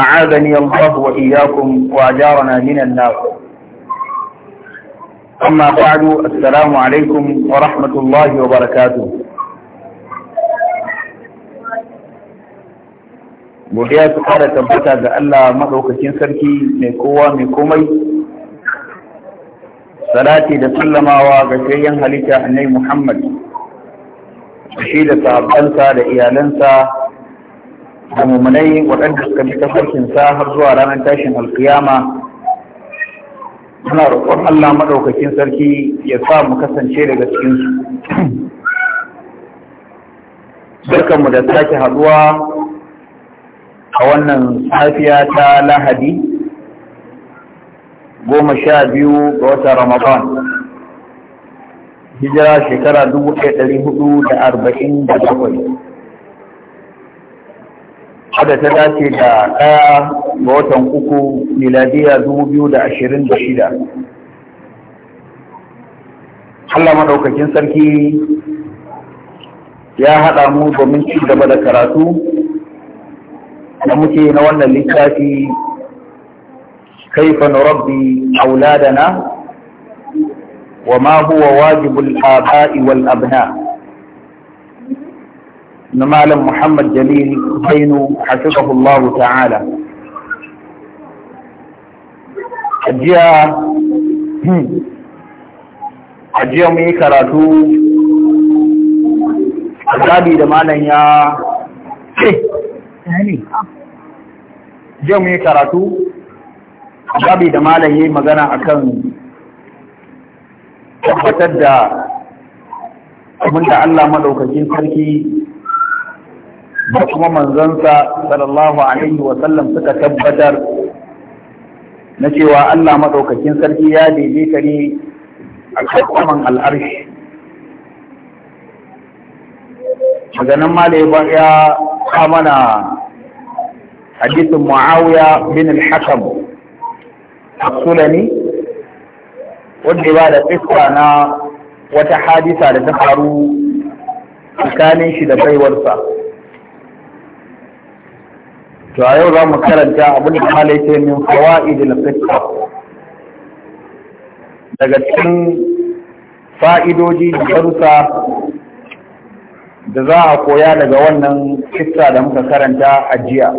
أعاذني الله وإياكم وأجارنا من النار أما بعد السلام عليكم ورحمة الله وبركاته godiya su kara tabbata ga Allah maɗaukakin sarki mai kowa mai komai salati da sallamawa ga shayyan halitta annai Muhammad shi da sahabbansa da iyalansa da mummunai waɗanda suka bi sa har zuwa ranar tashin alkiyama suna roƙon Allah maɗaukakin sarki ya sa mu kasance daga cikinsu. Barkanmu da sake haɗuwa a wannan safiya ta Lahadi goma sha biyu ga wata Ramadan. Hijira shekara dubu ɗaya ɗari hudu da arba'in da bakwai. hada ta dace da ɗaya ga watan uku miladiya dubu biyu da ashirin da shida Allah maɗaukakin sarki ya haɗa mu domin ci gaba da karatu da muke na wannan littafi kaifa rabbi auladana wa ma huwa wajibul aba'i wal abna' na malam muhammad jalil zainu hafizahullahu ta'ala ajiya hmm, mu yi karatu zabi da malam ya ce eh, jiya mu yi karatu zabi da malam ya magana magana akan tabbatar da abinda Allah maɗaukacin sarki da kuma manzansa sallallahu alaihi wa sallam suka tabbatar na cewa Allah madaukakin sarki ya daidaita ne a kakkaman al'arshi Maganin nan ya kamana hadisin muawiya bin al-hakam wanda ba da tsifka na wata hadisa da ta faru tsakanin shi da baiwarsa to a yau za mu karanta abin da malai ce min idil fiqh daga cikin fa'idoji da darussa da za a koya daga wannan kissa da muka karanta a jiya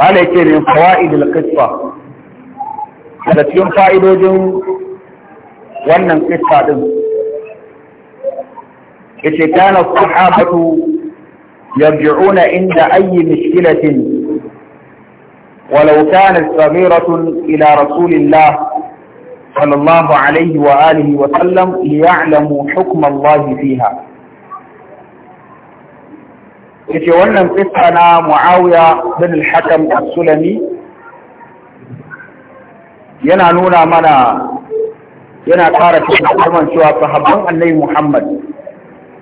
malai ce min idil fiqh daga cikin fa'idojin wannan kissa din yace kana sahabatu yarji'una inda ayi mushkilatin ولو كانت صغيرة ila rasulillah الله صلى wa عليه wa sallam ليعلموا حكم الله fiha. yace wannan kissa na Muawiya bin al-Hakam as-Sulami yana nuna mana yana ƙara cikin cewa sahabban Annabi Muhammad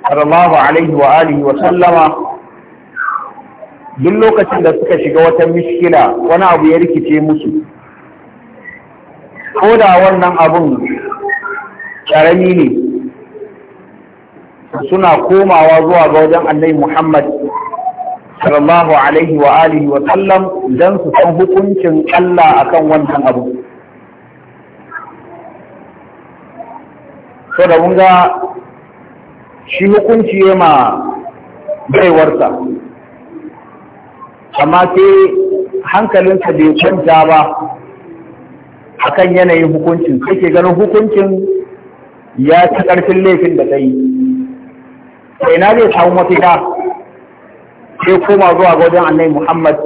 sallallahu alaihi wa alihi wa sallama duk lokacin da suka shiga wata miskila wani abu ya rikice musu ko da wannan abun ƙarami ne suna komawa zuwa ga wajen annabi Muhammad sallallahu alaihi wa alihi wa sallam dan su san hukuncin Allah akan wannan abu so da mun ga shi hukunci ya ma baiwarsa amma sai hankalinsa bai kwanta ba akan yanayin hukuncin sai ke ganin hukuncin ya ci ƙarfin laifin da ta yi sai na zai samu mafita sai koma zuwa gwajin wajen annai muhammad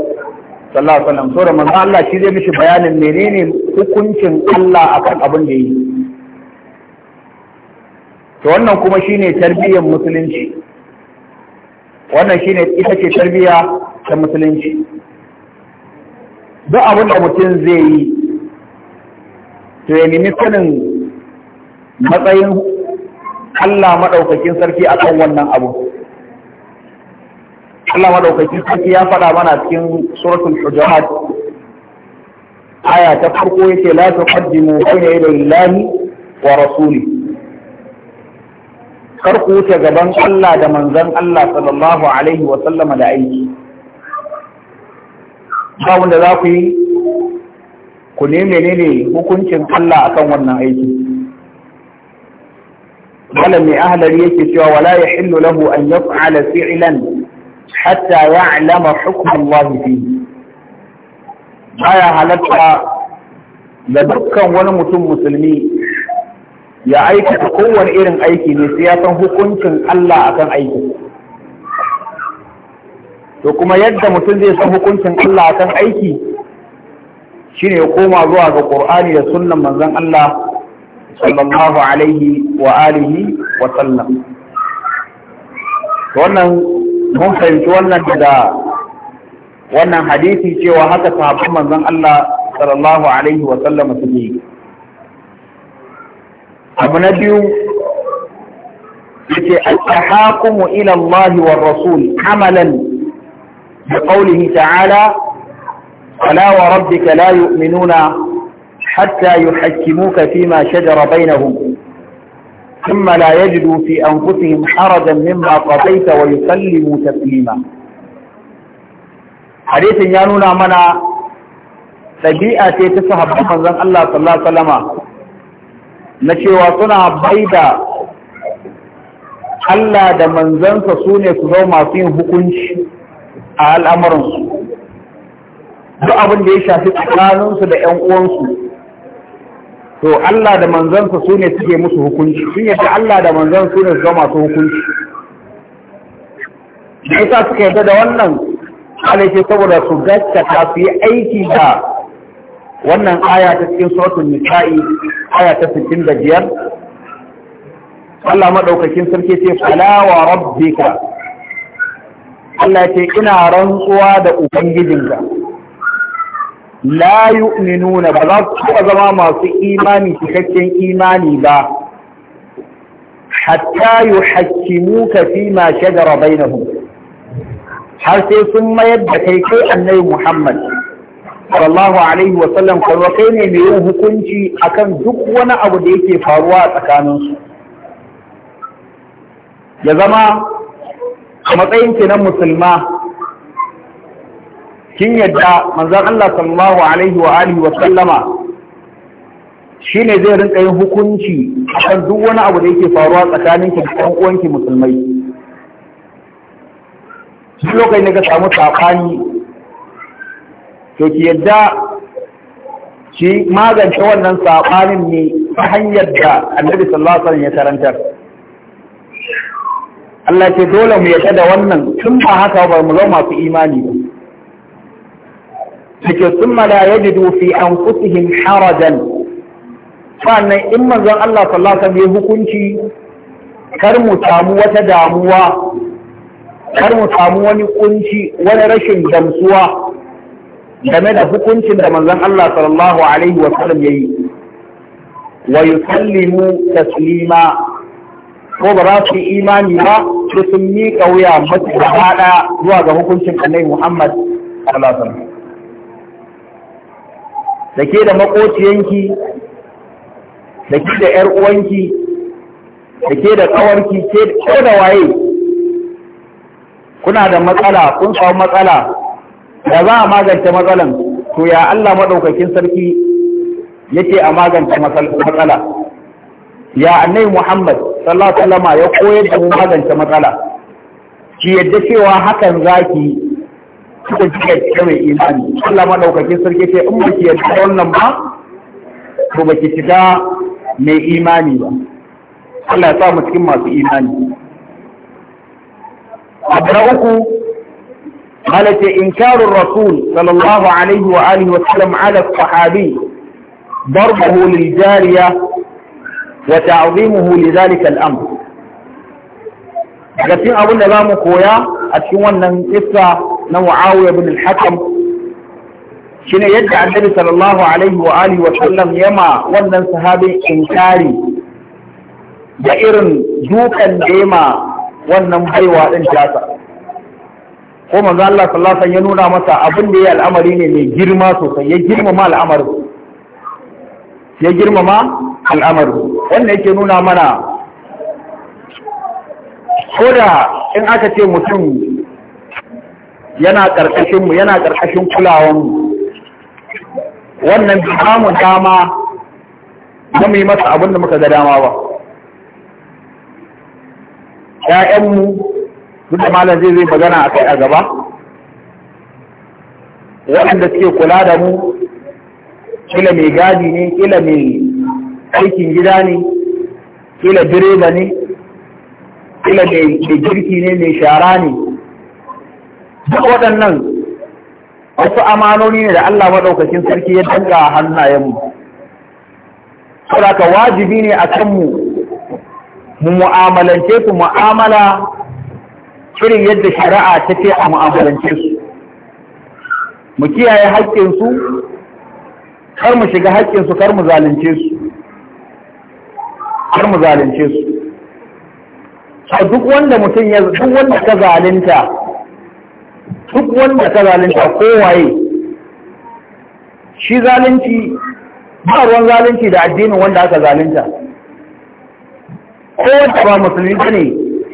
sallallahu alaihi wasallam so manzo Allah shi zai mishi bayanin menene hukuncin Allah akan abin da yi to wannan kuma shine tarbiyyar musulunci wannan ne ita ce tarbiyya ta musulunci duk abin da mutum zai yi to ya nemi sanin matsayin Allah maɗaukakin sarki akan wannan abu Allah maɗaukakin sarki ya faɗa mana cikin suratul hujurat aya ta farko yace la tuqaddimu bayna wa rasuli kar ku wuce gaban Allah da manzon Allah sallallahu alaihi wa sallama da aiki ba wanda za ku yi ku ne menene hukuncin Allah akan wannan aiki wala mai ahlari yake cewa wala yahillu lahu an yaf'ala fi'lan hatta ya'lama hukm Allah fihi baya halatta da dukkan wani mutum musulmi ya aikata kowane irin aiki ne sai ya san hukuncin Allah akan aiki to kuma yadda mutum zai san hukuncin Allah akan aiki shine ya koma zuwa ga Qur'ani da sunan manzan Allah sallallahu alaihi wa alihi wa sallam wannan mun fahimci wannan da wannan hadisi cewa haka sahabban manzan Allah sallallahu alaihi wa sallam suke yi abu na biyu yace at-tahakumu ila Allah wa rasul amalan bi qawlihi ta'ala ala wa rabbika la yu'minuna hatta yuhakkimuka fima shajara bainahum ثم لا يجدوا في أنفسهم حرجا مما قضيت ويسلموا تسليما حديث يانونا منا ɗabi'a ce ta sahabban manzon Allah sallallahu alaihi wasallama na cewa suna baida Allah da manzansa su ne su zo masu yin hukunci a al'amuransu duk abin da ya shafi tsakaninsu da ‘yan uwansu to Allah da manzansa su ne suke musu hukunci sun yadda Allah da manzan su ne su zo masu hukunci da isa suka yadda da wannan alaike saboda su gaskata su yi aiki da wannan aya ta cikin suratul nisa'i aya ta 65 Allah madaukakin sarki ce fala wa rabbika Allah ce ina rantsuwa da ubangijinka la yu'minuna ba za su zama masu imani cikakken imani ba hatta yuhakkimuka fi ma shajara bainahum har sai sun mayar da kai kai annabi Muhammad sallallahu alaihi wa sallam kuma kai ne mai yin hukunci akan duk wani abu da yake faruwa a tsakaninsu ya zama a matsayin na musulma kin yadda manzon Allah sallallahu alaihi wa alihi wa sallama shine zai rinka yin hukunci akan duk wani abu da yake faruwa tsakaninki da ɗan uwanki musulmai duk lokacin da ka samu saɓani to ki yadda ki magance wannan saɓanin ne ta hanyar da annabi sallallahu alaihi wasallam ya karantar Allah ce dole mu yadda wannan tun ba haka ba mu zama masu imani ba take sun mala yajidu fi anfusihim harajan sannan in manzon Allah sallallahu alaihi wasallam ya hukunci kar mu samu wata damuwa kar mu samu wani kunci wani rashin gamsuwa game da hukuncin da manzon Allah sallallahu alaihi wa sallam yayi wa yusallimu taslima ko ba za su yi imani ba su sun miƙa wuya mutu da zuwa ga hukuncin annabi Muhammad sallallahu alaihi wa da ke da makociyanki da ke da ‘yar uwanki da ke da ƙawarki ke da waye kuna da matsala kun samu matsala da za a magance matsalan to ya Allah maɗaukakin sarki yake a magance matsala ya annabi Muhammad sallallahu alaihi wasallam ya koyar da mu magance matsala ki yadda cewa hakan zaki kika ji kike mai imani Allah maɗaukakin sarki ce in ba ki yadda wannan ba to ba ki shiga mai imani ba Allah ya sa mu cikin masu imani abu na uku قالت إيه؟ إنكار الرسول صلى الله عليه وآله وسلم على الصحابي ضربه للجارية وتعظيمه لذلك الأمر لكن أقول لبام كويا أتشوان ننقصة نوعاوية بن الحكم شين يدعى النبي صلى الله عليه وآله وسلم يما ونن صحابي إنكاري da جوكا dukan da مهيوة wannan ko manzo Allah sallallahu alaihi ya nuna masa abin da ya al'amari ne mai girma sosai ya girmama al'amarin ya girmama al'amarin wannan yake nuna mana ko da in aka ce mutum yana karkashin mu yana karkashin kulawan mu wannan ba dama ba mu yi masa abin da muka ga dama ba mu. duk da malam zai zai magana a kai a gaba waɗanda suke kula da mu kila mai gadi ne kila mai aikin gida ne kila direba ne kila mai girki ne mai shara ne duk waɗannan wasu amanoni ne da Allah maɗaukacin sarki ya danga hannayenmu saboda wajibi ne a kanmu mu mu'amalance su mu'amala irin yadda shari'a ta ce a mu'amalance su mu kiyaye haƙƙinsu kar mu shiga haƙƙinsu kar mu zalunce su kar mu zalunce su a duk wanda mutum ya duk wanda ka zalunta duk wanda ka zalunta kowaye shi zalunci ba ruwan zalunci da addinin wanda aka zalunta ko wanda ba musulmi ne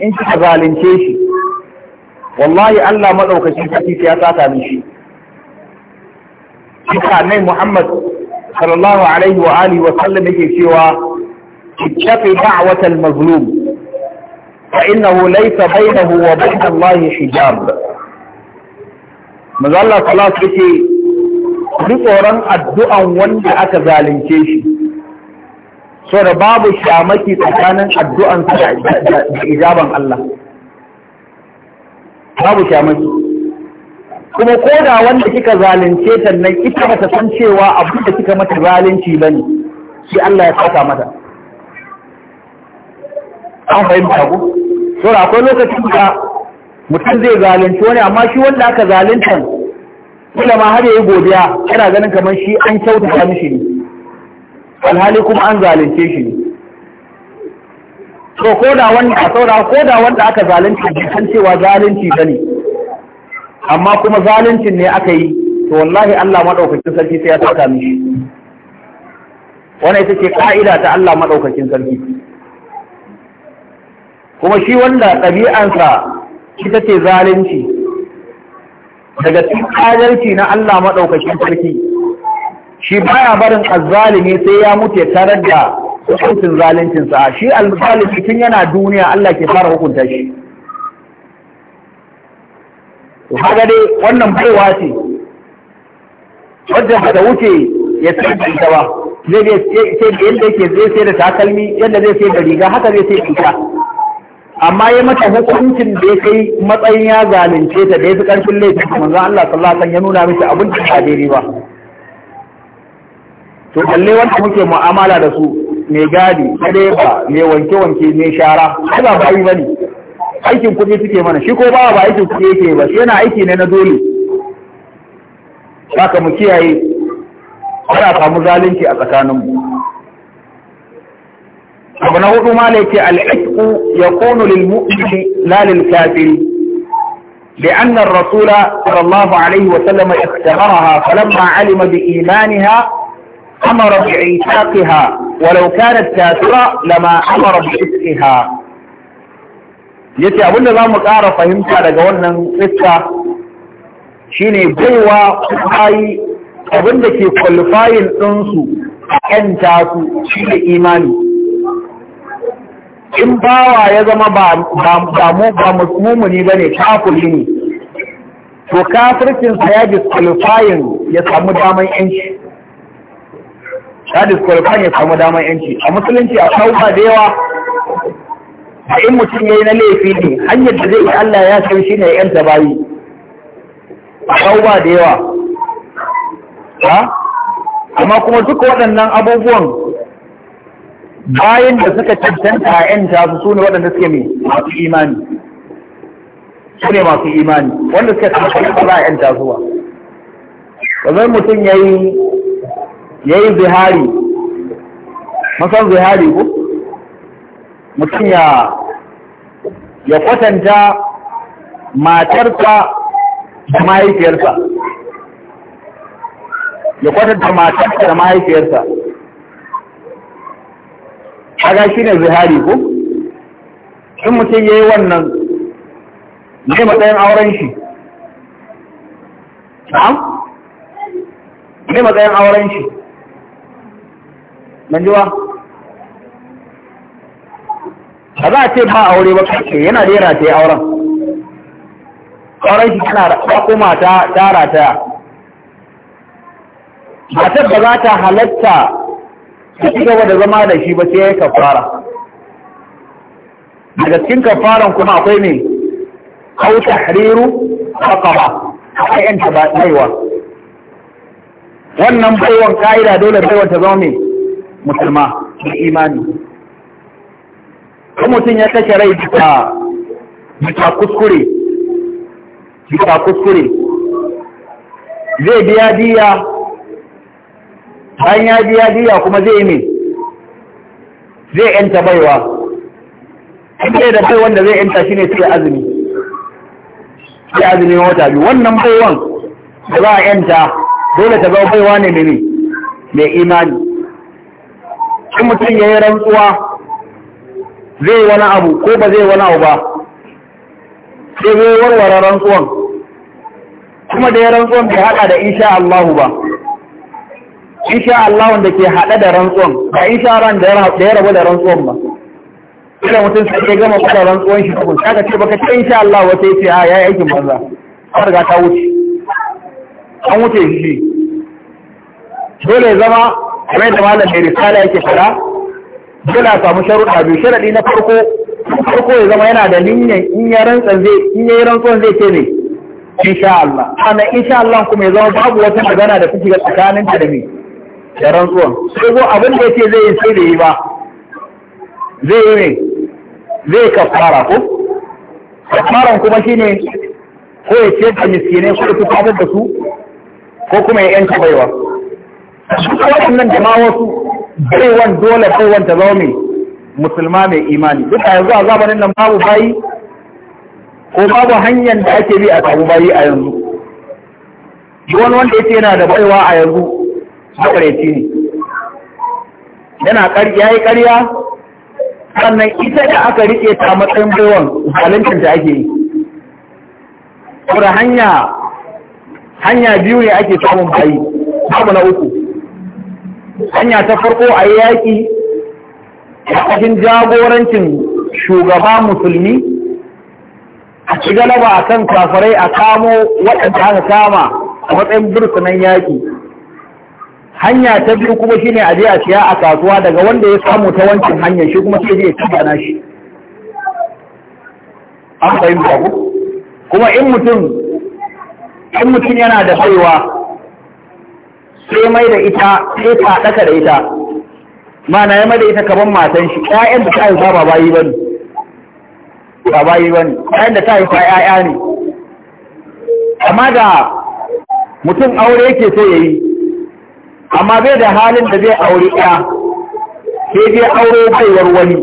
in kika zalunce shi wallahi Allah madaukakin sarki ya saka mishi Shika nai Muhammad sallallahu alaihi wa alihi wa sallam yake cewa ittafi da'wat al-mazlum fa innahu laysa bainahu wa bain Allah hijab manzo Allah sallallahu alaihi duk tsoron addu'an wanda aka zalunce shi so da babu shamaki tsakanin addu'an da ijaban Allah babu kyamaki kuma ko da wanda kika zalunce ta nan ita ba san cewa abin da kika mata zalunci ba ne shi Allah ya saka mata an fahimta ku saboda akwai lokacin da mutum zai zalunci wani amma shi wanda aka zalunta kila ma har yayi godiya yana ganin kamar shi an kyautata mishi ne alhali kuma an zalunce shi ne to ko da wanda a saura ko da wanda aka zalunci bai san cewa zalunci ne, amma kuma zaluncin ne aka yi to wallahi Allah madaukakin sarki sai ya saka mishi wannan ita ce ka'ida ta Allah madaukakin sarki kuma shi wanda ɗabi'ansa ita ce zalunci daga cikin adalci na Allah maɗaukakin sarki shi baya barin azzalimi sai ya mutu ya tarar da hukuncin zaluncinsa shi alzalunci tun yana duniya Allah ke fara hukunta shi to kaga dai wannan baiwa ce wadda da wuce ya sai da ba zai sai da yadda yake zai sai da takalmi yadda zai sai da riga haka zai sai da amma ya mata hukuncin da ya kai matsayin ya zalunce ta da ya fi ƙarfin laifin zan Allah sallallahu alaihi ya nuna mishi abin da ba daidai ba to balle wanda muke mu'amala da su mai gadi na ba mai wanke-wanke mai shara ai ba yi ba ne aikin kuɗi suke mana shi ko ba ba aikin kuɗi yake ba shi yana aiki ne na dole saka mu kiyaye ana samu zalunci a tsakaninmu abu na hudu ma laifi al'aƙu ya kono lilmu'ini lalil kafiri لأن الرسول صلى الله عليه وسلم اختبرها فلما علم بإيمانها أمر بعيشاقها ولو كانت تاثرة لما أمر بإسقها yace abinda za mu ƙara fahimta daga wannan iska shine baiwa bayi abinda ke kwalifayin ɗinsu a ƴanta su shine imani in bawa ya zama ba mu ba musulmi ba ne kafuli ne to kafircinsa ya disqualifying ya samu daman yanci ya disqualify ya samu damar yanci a musulunci a kawo da yawa a in mutum ya yi na laifi ne hanyar da zai Allah ya san shi ne ya yanta bayi a kawo da yawa ha amma kuma duka waɗannan abubuwan bayan da suka cancanta a yanta su ne waɗanda suke masu imani su ne masu imani wanda suka cancanta ba a yanta zuwa. ba. mutum ya yi Yayi zihari masan zihari ko mutum ya ya kwatanta matarsa da mahaifiyarsa ya kwatanta matarsa da mahaifiyarsa kaga shi ne zihari ko in mutum ya yi wannan ne matsayin auren shi ne matsayin auren shi ban jiwa ba za a ce ba aure ba kake yana da yara ta yi auren auren shi tana kuma ta tara ta matar ba za ta halatta ta ci gaba da zama da shi ba sai ya yi kafara a gaskin kafaran kuma akwai ne hau tahriru aqaba akwai ba tabaiwa wannan baiwan ka'ida dole baiwa ta zama mai musulma da imani kuma mutum ya kashe rai bisa bisa kuskure bisa kuskure zai biya diya bayan ya biya diya kuma zai yi mai zai yanta baiwa inda da baiwan wanda zai yanta shi ne sai azumi sai azumi wata biyu wannan baiwan da za a yanta dole ta zama baiwa ne mai imani in mutum ya yi rantsuwa zai wani abu ko ba zai wani abu ba sai zai warware rantsuwan kuma da ya rantsuwan bai haɗa da insha Allah ba insha Allah da ke haɗa da rantsuwan ba insha ran da ya rabu da rantsuwan ba ina mutum sai ya gama kwada rantsuwan shi tukun kaga ce baka ce insha Allah wata ah, ya ce a yayi aikin banza har ga ta wuce an wuce shi dole zama kamar da malam mai risala yake fara dole a samu sharuɗa biyu sharaɗi na farko farko ya zama yana da niyyar in ya rantsa zai in ya rantsuwan zai ce ne insha Allah sannan insha Allah kuma ya zama babu wata magana da kuke tsakanin ta da mai da rantsuwan sai ko abin da yake zai yi sai da yi ba zai yi ne zai kafara ko kafaran kuma shine ko ya ce da miskinai ko ya fitar da su ko kuma ya yanka baiwa duka waɗannan da ma wasu baiwan dole baiwan ta zaune musulma mai imani Duk a yanzu a zamanin nan babu bayi ko babu hanyar da ake bi a samu bayi a yanzu wani wanda ya yana da baiwa a yanzu makareci ne yana ya yi ƙarya sannan ita da aka riƙe ta matsayin baiwan zalincin da ake yi hanya hanya biyu ne ake samun bayi babu na uku hanya ta farko a yaƙi cikin jagorancin shugaba musulmi a ci galaba a kan kafirai a kamo waɗanda aka kama a matsayin birtunan yaƙi hanya ta biyu kuma shi ne a je a siya a kasuwa daga wanda ya samu ta wancan hanyar shi kuma sai ya ci na shi an fahimta ku kuma in mutum yana da baiwa sai mai da ita sai ta daka da ita mana ya mai da ita kaman matan shi ƴaƴan da ta yi ba bayi ba ne ba bayi ba ne ƴaƴan da ta yi ƴaƴa ne amma da mutum aure yake sai yayi amma bai da halin da zai aure ɗaya sai zai aure baiwar wani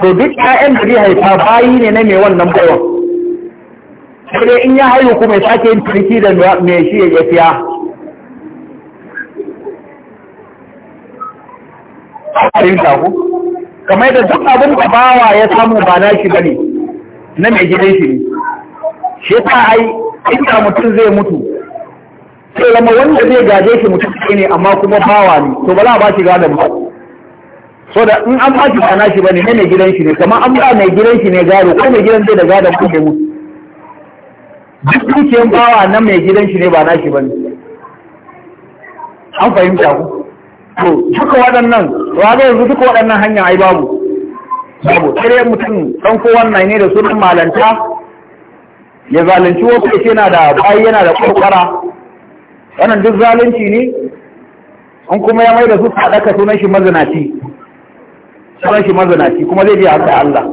to duk ƴaƴan da zai haifa bayi ne na mai wannan baiwan sai in ya haihu kuma ya sake yin ciniki da mai shi ya fiya tsarin kamar da duk abin da bawa ya samu ba na shi bane na mai gidan shi ne shi ta ai inda mutum zai mutu sai lama wanda zai gaje shi mutum ne amma kuma bawa ne to ba za a ba shi gadon ba so da in an ba shi ba na shi bane na mai gidan shi ne kamar an ba mai gidan shi ne gado ko mai gidan zai da gadon kuma mutu duk dukiyar bawa na mai gidan shi ne ba na shi ba ne an fahimta ku to duka waɗannan zai yanzu duka waɗannan hanyar ai babu babu sai mutum ɗan ko wannan ne da sunan malanta ya zalunci wasu ya yana da bayi yana da ƙwarƙwara wannan duk zalunci ne an kuma ya mai da su sadaka sunan shi mazinaci sunan shi mazinaci kuma zai biya haka Allah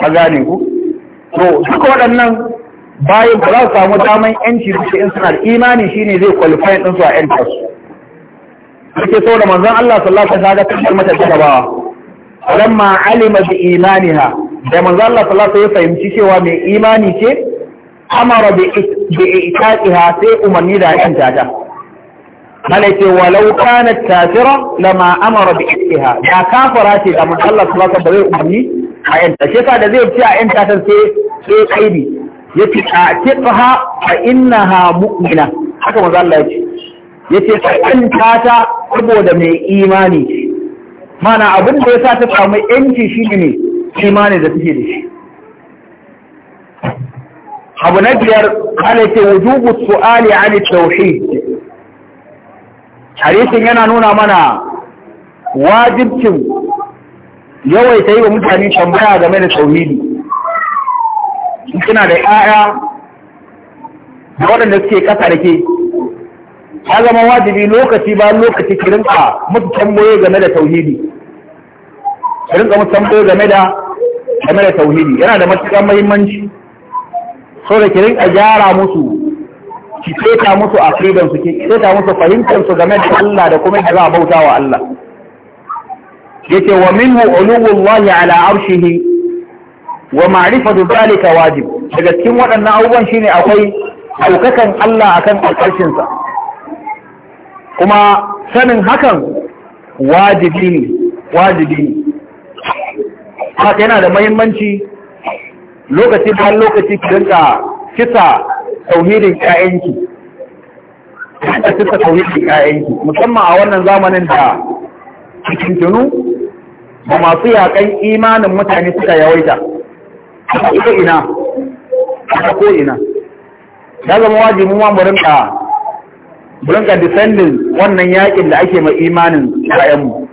ka gane ku to duka waɗannan bayan ba za su samu daman yanci suke in suna da imani shine zai kwalifayin ɗinsu a yan tasu yake so da manzon Allah sallallahu alaihi wasallam ta ga ta gabawa lamma alima bi imaniha da manzon Allah sallallahu alaihi wasallam fahimci cewa mai imani ce amara bi ha sai umarni da yan tata malaike walau kanat kafira lama amara bi ha. da kafara ce da manzon Allah sallallahu alaihi wasallam bai umarni a yan tace ka da zai fi a yan tata sai sai kaidi Ya yace a ina ha mu'mina haka manzo Allah yace ce ya ce ta saboda mai imani Ma'ana mana abin da ya sa ta samu yanci shi ne imani da take da shi abu na biyar ala ce wujubu su'ali Ali tauhid hadisin yana nuna mana wajibcin yawaita yi wa mutane tambaya game da tauhidi suna da ƴaƴa da waɗanda suke ƙasa da ke ya zama wajibi lokaci ba lokaci ki rinka musu tambayoyi game da tauhidi ki rinka musu tambayoyi game da game da tauhidi yana da matuƙar muhimmanci so da ki rinka gyara musu ki keta musu aqidan su ki keta musu fahimtar su game da Allah da kuma da za a bauta wa Allah yace wa minhu ulullahi ala arshihi wa ma'rifatu zalika wajib daga cikin waɗannan abubuwan shine akwai ɗaukakan Allah akan alƙarshin sa kuma sanin hakan wajibi ne wajibi ne haka yana da mahimmanci lokaci bayan lokaci ki rinka kisa tauhidin ƴaƴanki da kisa tauhidin ƴaƴanki musamman a wannan zamanin da cikin tunu ba masu yaƙan imanin mutane suka yawaita ita ina a ina ya zama wajibin mu rinka rinka defending wannan yakin da ake mai imanin ƴaƴanmu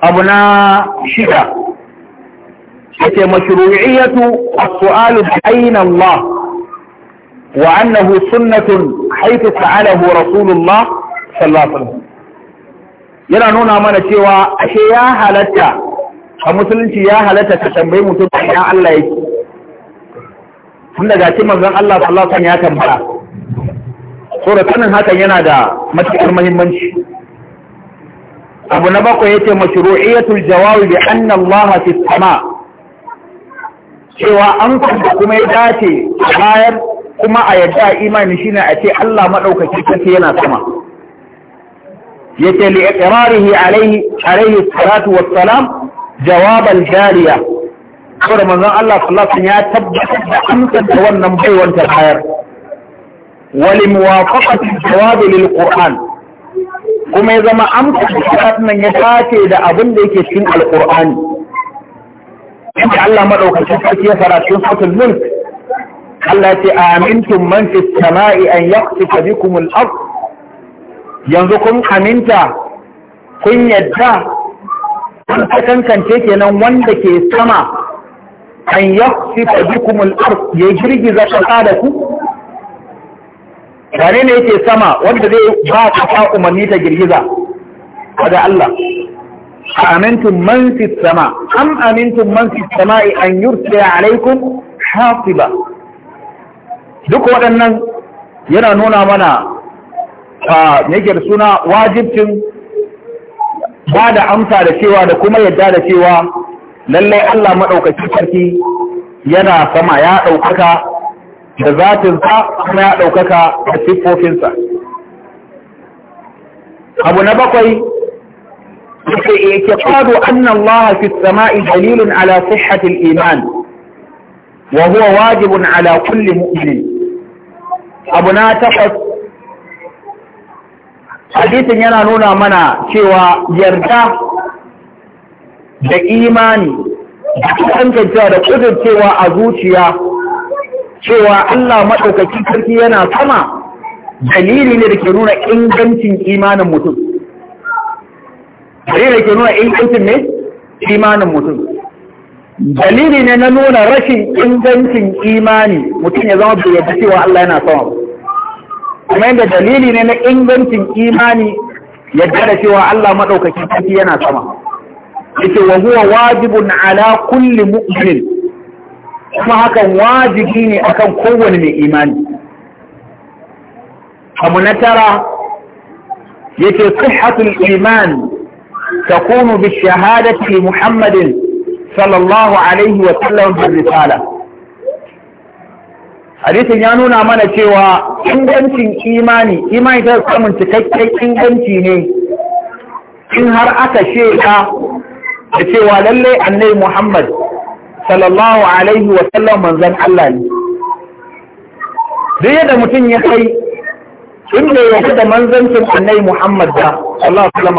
abu na shida yake mashru'iyyatu a sualu bi Allah wa annahu sunnatun haythu sa'alahu rasulullah sallallahu yana nuna mana cewa ashe ya halatta a musulunci ya halatta ka tambayi mutum ina Allah yake tun daga ci manzon Allah sallallahu alaihi wasallam ya tambaya so da sanin hakan yana da matuƙar muhimmanci abu na bakwai yace mashru'iyatul jawabi bi anna Allah fi sama cewa an kuma kuma ya dace a bayar kuma a yadda imani shine a ce Allah madaukaki kace yana sama yace li iqrarihi alaihi alaihi salatu wassalam جواب الجارية قرر من الله صلى الله عليه وسلم تبقى بأمسة والنمضي والتحير ولموافقة الجواب للقرآن كما إذا ما أمسة بأمسة من يساك إذا أظن ليك يسين القرآن إن الله مرحبا كتبت يسرى شنصة الملك التي آمنتم من في السماء أن يقصف بكم الأرض ينظركم أمنت كن يدعى an ta kankance kenan wanda ke sama an yafi faɗi kuma ard ya girgiza kasa da ku wane ne yake sama wanda zai ba sa umarni ta girgiza daga Allah amintun man fi sama an amintun man fi sama'i an yursila alaikum hasiba duk waɗannan yana nuna mana a ah, yake suna wajibcin ba da amsa da cewa da kuma yadda da cewa lallai Allah maɗaukacin sarki yana sama ya ɗaukaka da zatin sa kuma ya ɗaukaka da siffofinsa. Abu na bakwai, yake yake kwado annan Allah fi sama'i dalilin ala sihhatil iman, wa huwa wajibun ala kulli mu'min. Abu na takwas, hadisin yana nuna mana cewa yarda da imani da kankancewa da kudurcewa a zuciya cewa Allah maɗaukaki sarki yana sama dalili ne da ke nuna ingancin imanin mutum dalili da ke nuna ingancin ne imanin mutum dalili ne na nuna rashin ingancin imani mutum ya zama bai yadda cewa Allah yana sama ba kuma yadda dalili ne na ingancin imani yadda da cewa Allah maɗaukakin sarki yana sama yace wa huwa wajibun ala kulli mu'min kuma hakan wajibi ne akan kowane mai imani abu na tara yace sihhatul iman takunu bi shahadati li muhammadin sallallahu alaihi wa sallam bi risala hadisin ya nuna mana cewa ingancin imani imani ta samun cikakken inganci ne in har aka sheka da cewa lallai annai muhammad sallallahu alaihi wasallam manzan Allah ne duk yadda mutum ya kai inda ya da manzancin annai muhammad da sallallahu alaihi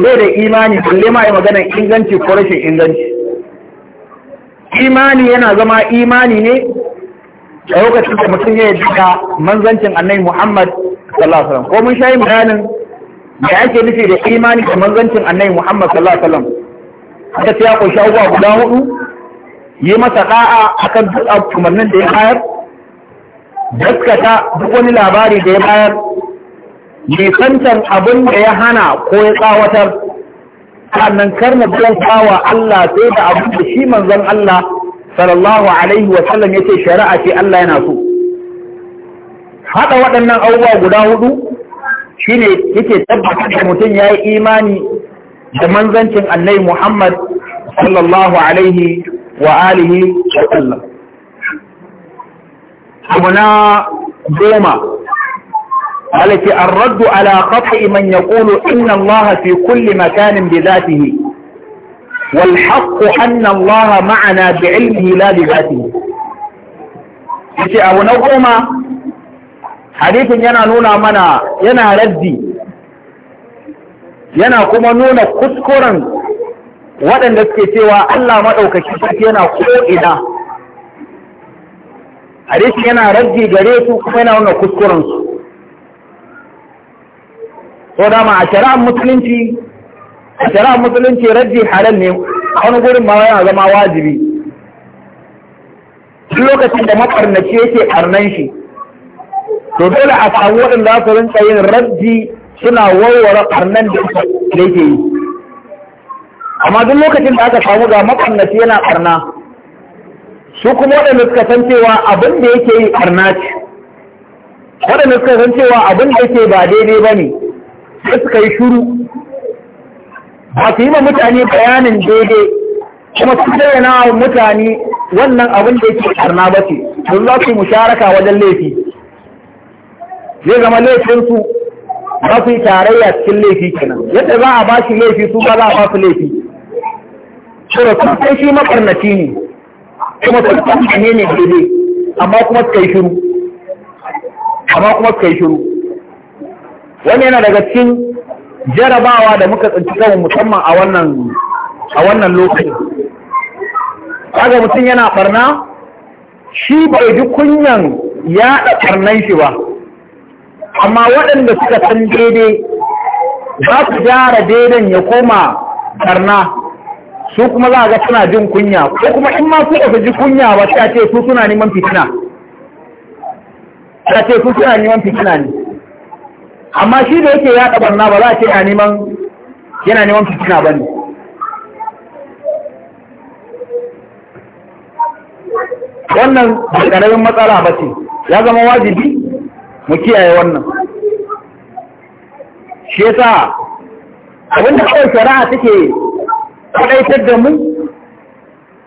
zai da imani balle ma yi maganar inganci ko rashin inganci imani yana zama imani ne a lokacin da mutum ya yi da manzancin annabi Muhammad sallallahu alaihi wasallam ko mun shayi bayanin da ake nufi da imani da manzancin annabi Muhammad sallallahu alaihi wasallam aka ce ya kunshi abubuwa guda hudu yi masa da'a akan duk umarnin da ya bayar gaskata duk wani labari da ya bayar nisantar abin da ya hana ko ya tsawatar sannan karna biyan tsawa Allah sai da abin da shi manzon Allah sallallahu alaihi wa sallam yace shari'a ce Allah yana so hada waɗannan abubuwa guda hudu shine yake tabbata da mutum yayi imani da manzancin Annabi Muhammad sallallahu alaihi wa alihi wa sallam abu na goma التي الرد على قطع من يقول إن الله في كل مكان بذاته wal haqqu anna Allah ma'ana bi ilmihi la bi dhatihi yace abu na goma hadisin yana nuna mana yana raddi yana kuma nuna kuskuren waɗanda suke cewa Allah maɗaukaki sarki yana ko'ina hadisin yana raddi gare su kuma yana nuna kuskurensu so dama a shari'ar musulunci a shari'ar musulunci raddi halal ne wani gurin ma yana zama wajibi duk lokacin da makarnaci yake karnan shi to dole a samu waɗanda za su rinka yin raddi suna warware karnan da yake yi amma duk lokacin da aka samu ga makarnaci yana karna su kuma waɗanda suka san cewa abin da yake yi karna ce waɗanda suka san cewa abin da yake ba daidai ba ne sai suka yi shuru ba su yi ma mutane bayanin daidai kuma su bayyana wa mutane wannan abin da yake karna ba ce su za su musharaka wajen laifi zai zama laifinsu za su yi tarayya cikin laifi kenan yadda za a ba shi laifi su ba za a ba su laifi shirin sun sai shi makarnaci ne kuma sun san ne ne daidai amma kuma su yi shiru amma kuma yi shiru wani yana daga cikin jarabawa da muka tsinci kan musamman a wannan a wannan lokaci kaga mutum yana barna shi bai ji kunyan yaɗa barnan shi ba amma waɗanda suka san daidai za su gyara daidan ya koma barna su kuma za a ga suna jin kunya ko kuma in ma su ɗasa ji kunya ba ta ce su suna neman fitina a ce su suna neman fitina ne amma shi da yake yaɗa barna ba za a ce yana neman yana neman fitina ba ne wannan ba matsala ba ce ya zama wajibi mu kiyaye wannan shi abin abinda kawai shari'a take kwaɗaitar da mu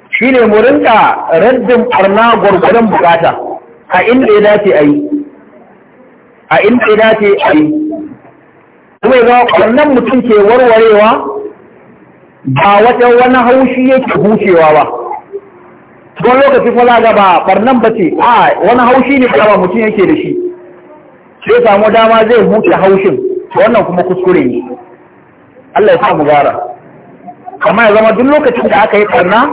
shi ne mu raddin ɓarna gwargwadon bukata a inda ya dace a yi a inda ya dace a yi kuma ya wannan mutum ke warwarewa ba wata wani haushi yake hucewa ba don lokaci fala ga ba barnan ba ce a wani haushi ne ba mutum yake da shi sai samu dama zai huce haushin wannan kuma kuskure ne Allah ya sa gara amma ya zama duk lokacin da aka yi barna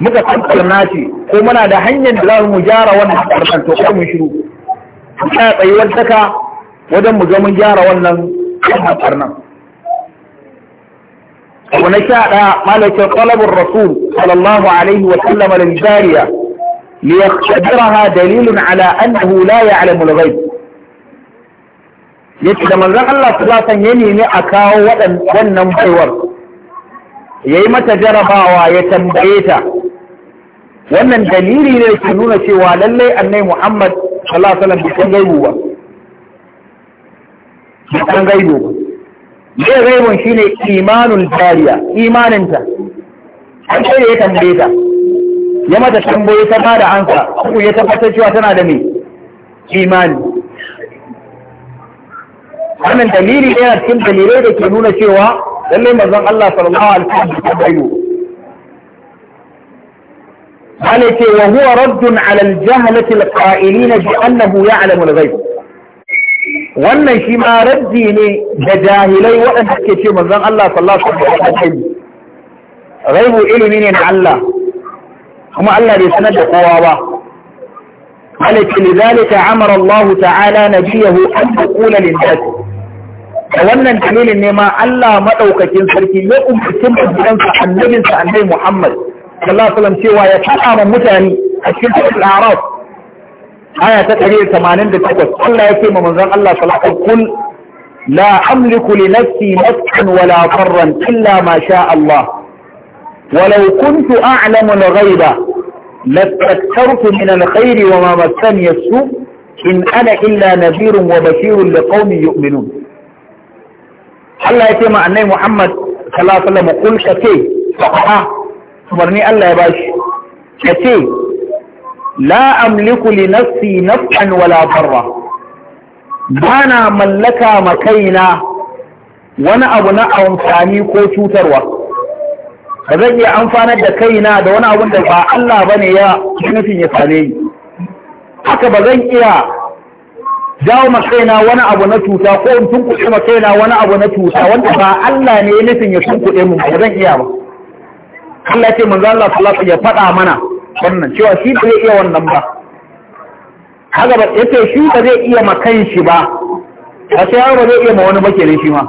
muka san barna ce ko muna da hanyar da za mu gyara wannan barnan to kuma mun shiru ta tsayuwar taka wajen mu ga mun gyara wannan haƙar nan abu na sha ɗaya malakin talabin rasul sallallahu alaihi wa sallam al-jariya li yaqtadiraha dalilun ala annahu la ya'lamu al-ghaib yace da manzon Allah sallallahu alaihi ya nemi a kawo wannan baiwar yayi mata jarabawa ya tambaye ta wannan dalili ne ke nuna cewa lallai annai Muhammad sallallahu alaihi wasallam bai gaibu ba bai san gaibu ba bai gaibun shine imanin dariya imaninta an sai da ya tambaye ta ya mata tambaye ta bada ansa ku ya tabbatar cewa tana da me imani wannan dalili yana cikin dalilai da ke nuna cewa lallai manzon Allah sallallahu alaihi wasallam bai gaibu قال وهو رد على الجهلة القائلين بأنه يعلم الغيب wannan shi ma raddi ne da jahilai waɗanda suke ce manzon Allah sallallahu alaihi wasallam raibu ilimi ne na Allah kuma Allah bai sanar da kowa ba alaka lidalika amara Allah ta'ala nabiyahu an taqula lin nas da wannan dalilin ne ma Allah madaukakin sarki ya umarci manzon sa annabinsa annabi Muhammad صلى الله عليه وسلم ya fada wa mutane a cikin surat al-a'raf aya ta 188 Allah yake ma manzon Allah sallallahu alaihi kul la amliku li nafsi nafsan wala farran illa ma sha Allah ولو كنت اعلم الغيب لاتكثرت من الخير وما مسني السوء ان انا الا نذير وبشير لقوم يؤمنون الله عن اني محمد صلى الله عليه وسلم قل كتي فقحا umarni Allah ya bashi ya ce la amliku li nafsi naf'an wala darra bana mallaka ma kaina wani abu na amfani ko cutarwa ba zan iya amfanar da kaina da wani abu da ba Allah ba ne ya nufin ya same yi. haka ba zan iya jawo ma kaina wani abu na cuta ko in tunkuɗe ma kaina wani abu na cuta wanda ba Allah ne ya nufin ya tunkuɗe mu ba zan iya ba Allah ce manzo Allah sallallahu alaihi ya faɗa mana wannan cewa shi ba zai iya wannan ba haka ba yace shi ba zai iya makan shi ba a sai yaro ba zai iya ma wani makerin shi ma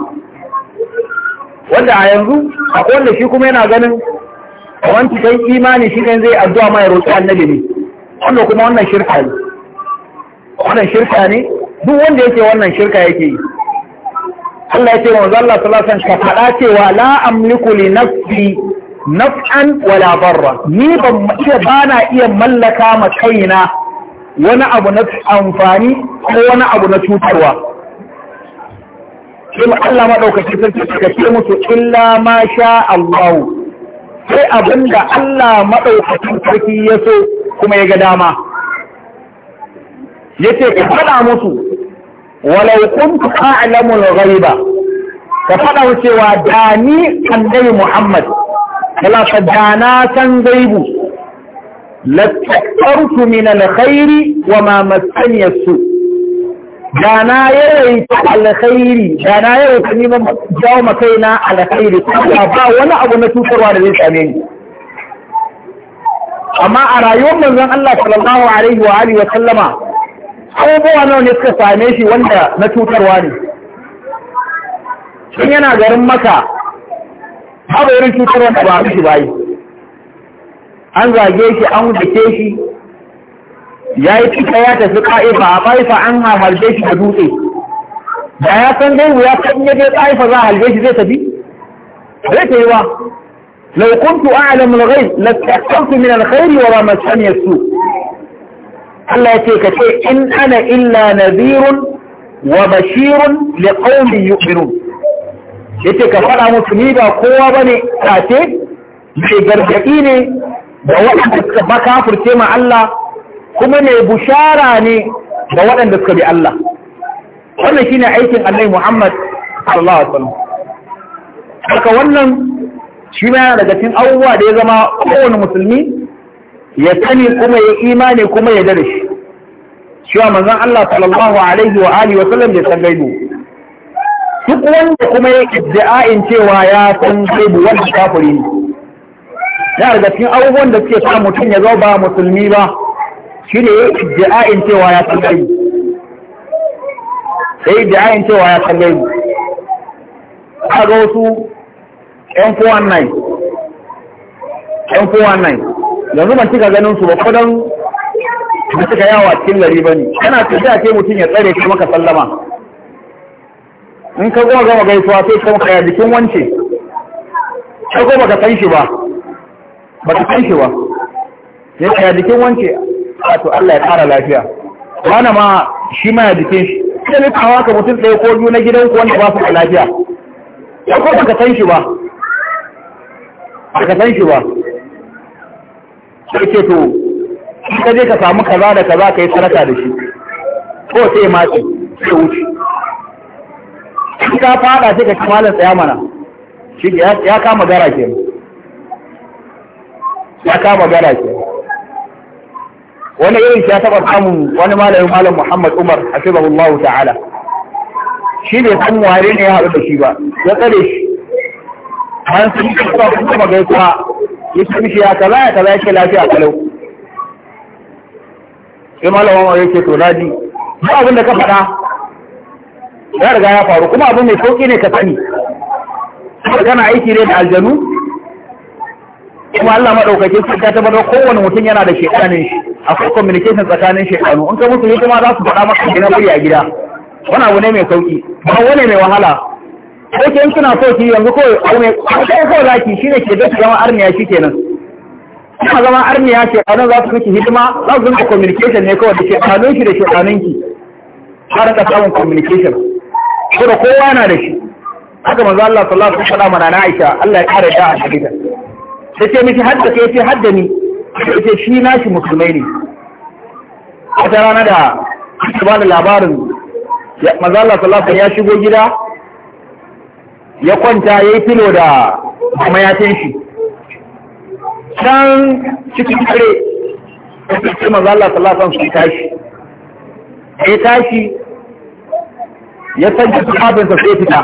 wanda a yanzu akwai wanda shi kuma yana ganin wanti kai imani shi kan zai addu'a mai roƙi annabi ne wanda kuma wannan shirka ne wannan shirka ne duk wanda yake wannan shirka yake yi Allah ya ce wa manzo Allah sallallahu alaihi wasallam ka faɗa cewa la amliku li nafsi naf'an wala barra ni ban iya bana iya mallaka ma kaina wani abu na amfani ko wani abu na cutarwa sai Allah madaukaki sarki ka ce musu illa ma sha Allah sai abinda Allah madaukakin sarki ya so kuma ya ga dama yace ka fada musu walau kuntu a'lamu al-ghaiba ka fada cewa da ni annabi Muhammad talaka da na san gaibu lattaktartu min alkhairi wa ma masaniya su da na ta alkhairi da na yawaita neman jawo makaina alkhairi kuma ba wani abu na tutarwa da zai same ni amma a rayuwar manzon Allah sallallahu alaihi wa alihi wa sallama abubuwa nawa ne suka same shi wanda na tutarwa ne shin yana garin maka babu irin cutar wanda ba mishi bayi an zage shi an dake shi ya yi cika ya tafi ƙa'ifa a ƙa'ifa an harbe shi da dutse da ya san dai wuya ta in yaje ƙa'ifa za a halbe shi zai tafi zai ta yi wa لو كنت أعلم الغيب لاستحقرت من الخير وما مسني su. Allah ya ce ka ce in ana illa nazirun wa bashirun li qaumin yu'minun yace ka faɗa musu ni ba kowa bane kace mai gargaɗi ne da waɗanda suka makafurce ma Allah kuma mai bushara ne da waɗanda suka bi Allah wannan shine aikin Annabi Muhammad sallallahu alaihi wasallam haka wannan shi ma daga cikin abubuwa da ya zama kowane musulmi ya sani kuma ya imani kuma ya dare shi cewa manzon Allah sallallahu alaihi wa alihi wa sallam ya san gaibu duk wanda kuma ya iddia'in cewa ya san gaibu wanda kafiri ne na daga cikin abubuwan da suke sa mutum ya zo ba musulmi ba shi ne ya iddia'in cewa ya san gaibu sai iddia'in cewa ya san gaibu a ga wasu ƴan kowan nai nai yanzu ban cika ganin su ba ko don da suka yawa cikin gari ba ne yana tafiya ce mutum ya tsare shi maka sallama in ka goma gama gaisuwa sai kuma kaya jikin wance ka goma ka san shi ba ba ka san shi ba ya kaya jikin wance a to Allah ya kara lafiya wani ma shi ma ya jikin shi sai ne kawo ka mutum ɗaya ko biyu na gidan ku wanda ba su da lafiya ya ko ba san shi ba ba san shi ba sai ce to shi ka je ka samu kaza da kaza ka yi sadaka da shi ko sai ma ce sai wuce shi ka fada sai ka ci malam tsaya mana shi ya kama gara ke ya kama gara ke wani irin shi ya taba samun wani malamin malam Muhammad Umar hafizahullahu ta'ala shi ne san ware ne ya haɗu da shi ba ya tsare shi bayan sun yi kuma sun kuma gaisuwa ya ce shi ya kaza ya kaza ya ce lafiya kalau sai malamin ya ce to na ji abin da ka faɗa ya riga ya faru kuma abu mai sauƙi ne ka sani kana aiki ne da aljanu kuma Allah madaukake sai ka tabbatar kowanne mutum yana da shekarun shi akwai communication tsakanin shekanu in ka musu kuma za su faɗa maka gina buri a gida wani abu ne mai sauƙi ba wani mai wahala ko ke suna so ki yanzu kawai ne ko kawai laki shi ne ke da zama arniya shi kenan kuma zama arniya nan za su miki hidima za su zama communication ne kawai da shekarun shi da shekarun ki har ka samun communication da kowa na da shi haka manzo Allah sallallahu alaihi wasallam mana na Aisha Allah ya kare ta a cikin sai ce miki hadda kai ce hadda ni ce shi nashi musulmai ne wata rana da ta ba da labarin manzo Allah sallallahu alaihi ya shigo gida ya kwanta yayi filo da tin shi dan cikin kare sai manzo Allah sallallahu alaihi wasallam shi tashi ya tashi ya san ji sahabinsa sai fita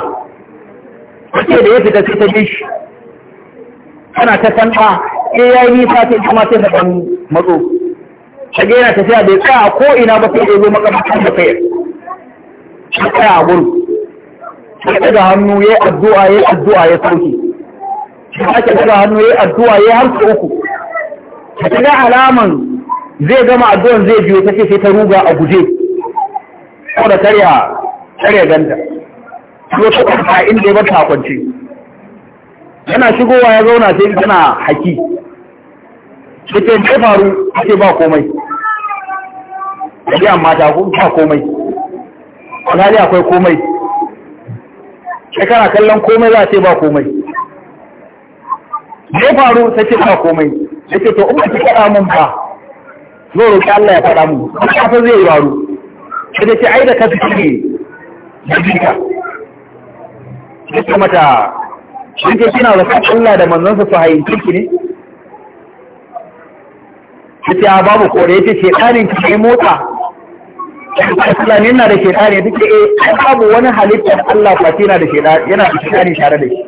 wace da ya fita sai ta bi shi tana ta sanda sai ya yi nisa sai kuma sai ta ɗan matso shage yana tafiya bai tsaya ko ina ba sai da zo makamakon da kai shi tsaya a gurin Ta ɗaga hannu ya addu'a ya addu'a ya sauki shi ɗaga daga hannu ya addu'a ya har su uku ta ga alaman zai gama addu'an zai biyo ta ce sai ta ruga a guje ko da karya tare ya ganta ko ta kwanta inda ya bata kwance yana shigowa ya zauna sai tana haki take ta faru ake ba komai yaji amma ta ku ba komai alhali akwai komai sai kana kallon komai za ce ba komai ya faru sai ce ba komai ya ce to umar ta faɗa mun ba zo roƙi Allah ya faɗa mun ba ta zai faru sai ce ai da kasu ne da jika yake mata shi ke kina da Allah da manzansa su hayyanci ki ne shi a babu kore ya ce shekanin ki ne motsa? Allah ne na da shekani duk da eh babu wani halittar Allah fati na da shekani yana da shekani tare da shi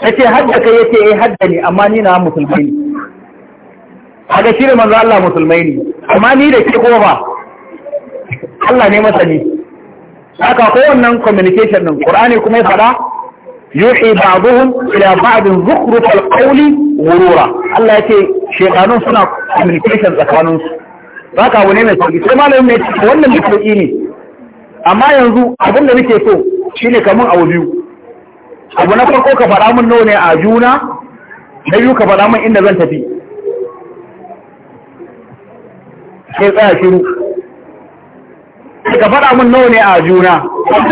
ta ce hadda kai ya ce eh hadda ni amma ni na musulmai ne a ga shi da manzo Allah musulmai ne amma ni da ke kuma ba Allah ne masani haka wannan communication din qur'ani kuma ya fada yuhi ba'dhum ila ba'd zukhruf al-qawl wurura Allah yake shekanun suna communication tsakanin su haka wani mai sauki sai malamin mai wannan mutuki ne amma yanzu abin da nake so shine kamun abu biyu abu na farko ka fada min nawa ne a juna na biyu ka fada min inda zan tafi sai tsaya shiru ka faɗa min nawa ne a juna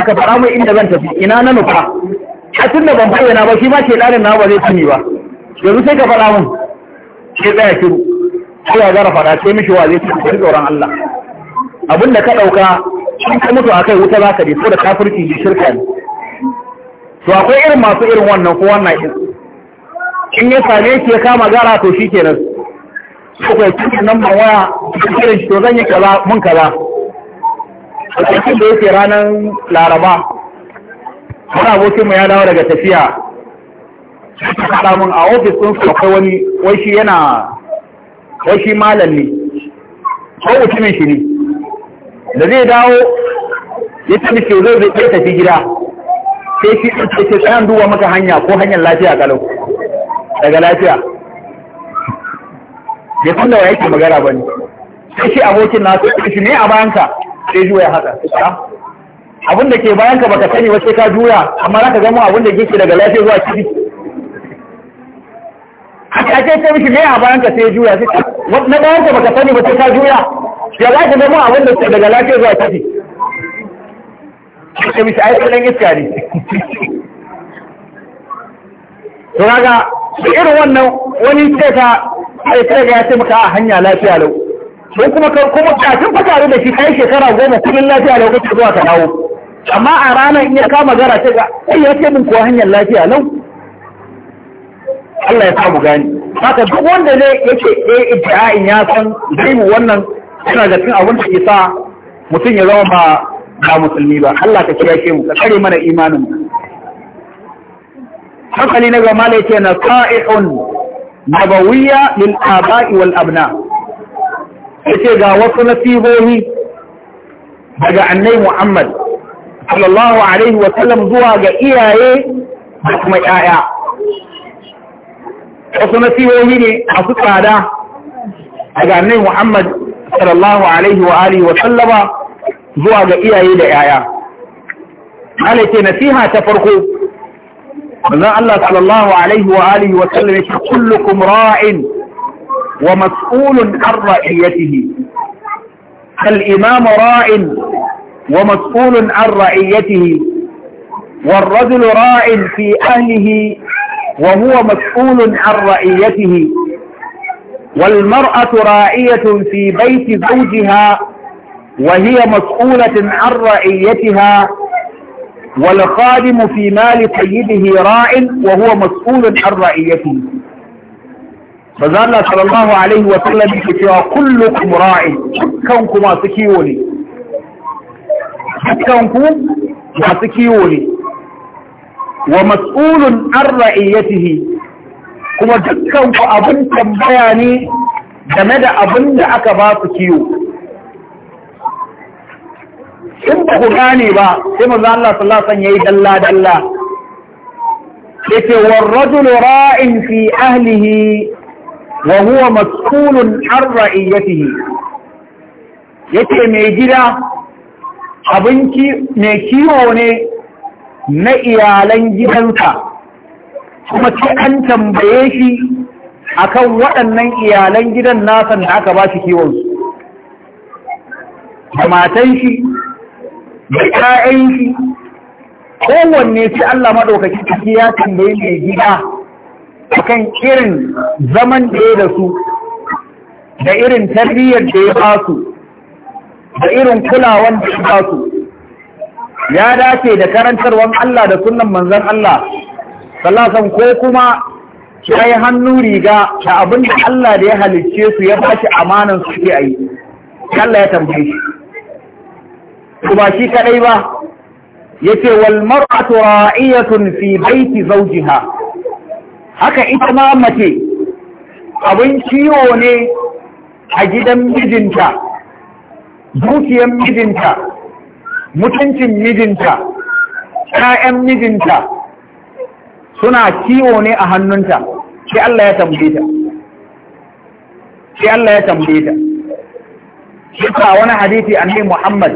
ka faɗa min inda zan tafi ina na nufa a tun da ban bayyana ba shi ma ke lanin na ba zai tuni ba yanzu sai ka faɗa min ke tsaya shiru ko ya gara faɗa sai mishi wa zai tuni da tsoron Allah abin da ka ɗauka in ka mutu akai wuta za ka je so da kafirci ne shirka ne to akwai irin masu irin wannan ko wannan in in ya same shi ya kama gara to shi kenan so kai tuni nan ban waya kiran shi to zan yi kaza mun kaza a cikin da yake ranar laraba wani abokin mu ya dawo daga tafiya ta faɗa mun a ofis ɗin su akwai wani shi yana wai shi malam ne ko mutumin shi ne da zai dawo ya tafi ke zai zai ɗaya tafi gida sai shi ɗin ce tsayan duba maka hanya ko hanyar lafiya kalau daga lafiya bai san da wa yake magana ba ne sai shi abokin nasu shi ne a bayanka sai juya haka abin da ke bayan ka baka sani wace ka juya amma za ka zama abin da yake daga lafiya zuwa ciki haka ake ce miki mai a bayan ka sai juya na bayan ka baka sani wace ka juya ya za ka zama abin da ke daga lafiya zuwa ciki ka mishi ai nan iska ne to kaga irin wannan wani sai ka sai ka ya ce maka a hanya lafiya lau sai kuma kuma kafin ka tare da shi kai shekara goma kullum lafiya lokacin zuwa ka dawo amma a ranar in ya kama gara ce ga sai ya ce min kuwa hanyar lafiya lau Allah ya samu gani haka duk wanda ne yake eh ibtiha'in ya san zai mu wannan yana da cin abin da ke sa mutum ya zama ba ba musulmi ba Allah ka kiyaye mu ka kare mana imanin mu hankali na gama la yake na sa'i'un nabawiyya lil aba'i wal abna' yace ga wasu nasihohi daga annai Muhammad sallallahu alaihi wa sallam zuwa ga iyaye da kuma yaya wasu nasihohi ne a su tsada daga annai Muhammad sallallahu alaihi wa alihi wa sallama zuwa ga iyaye da yaya Allah ce nasiha ta farko manzon Allah sallallahu alaihi wa alihi wa sallam ce kullukum ra'in ومسؤول عن رعيته فالإمام راع ومسؤول عن رعيته والرجل راع في أهله وهو مسؤول عن رعيته والمرأة راعية في بيت زوجها وهي مسؤولة عن رعيتها والخادم في مال سيده راع وهو مسؤول عن رعيته manzo Allah sallallahu alaihi wa sallam yake cewa kullukum ra'i kan masu kiwo ne kan masu kiwo ne wa mas'ulun an ra'iyatihi kuma dukkan ku abin tambaya ne game da abin da aka ba su kiwo in ba ku gane ba sai manzo Allah sallallahu alaihi yayi dalla dalla yace war rajulu ra'in fi ahlihi wa huwa mas'ulun an ra'iyatihi yace mai gida abinci mai kiwo ne na iyalan gidansa kuma sai an tambaye shi akan waɗannan iyalan gidan nasa da aka ba shi su. da matan shi da ƴaƴan shi kowanne sai Allah madaukaki ciki ya tambaye mai gida akan irin zaman da ya da su da irin tarbiyyar da ya ba su da irin kulawan da ya ba su ya dace da karantarwan Allah da sunan manzan Allah sallasan ko kuma ya yi hannu riga da abin da Allah da ya halicce su ya bashi amanan su ke ayi Allah ya tambaye shi ku ba shi kadai ba Ya yace wal mar'atu ra'iyatun fi baiti zaujiha. haka ita ma mace abin ciwo ne a gidan mijinta dukiyan mijinta mutuncin mijinta ƙa’yan mijinta suna ciwo ne a hannunta shi Allah ya tambaye ta Shi Allah ya tambaye ta shi wani hadisi nai Muhammad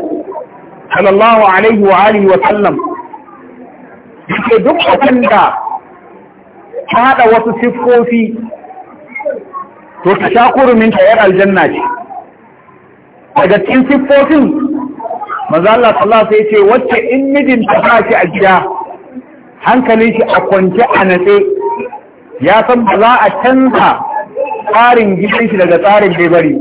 sallallahu alaihi wa alihi wa sallam yake duk kanta. ta wasu siffofi to ta sha kurumin ta yar aljanna ce daga cikin siffofin maza Allah sallallahu alaihi ce wacce in mijinta za shi a gida hankalin shi a kwance a natse ya san ba za a canza tsarin gidan shi daga tsarin bai bari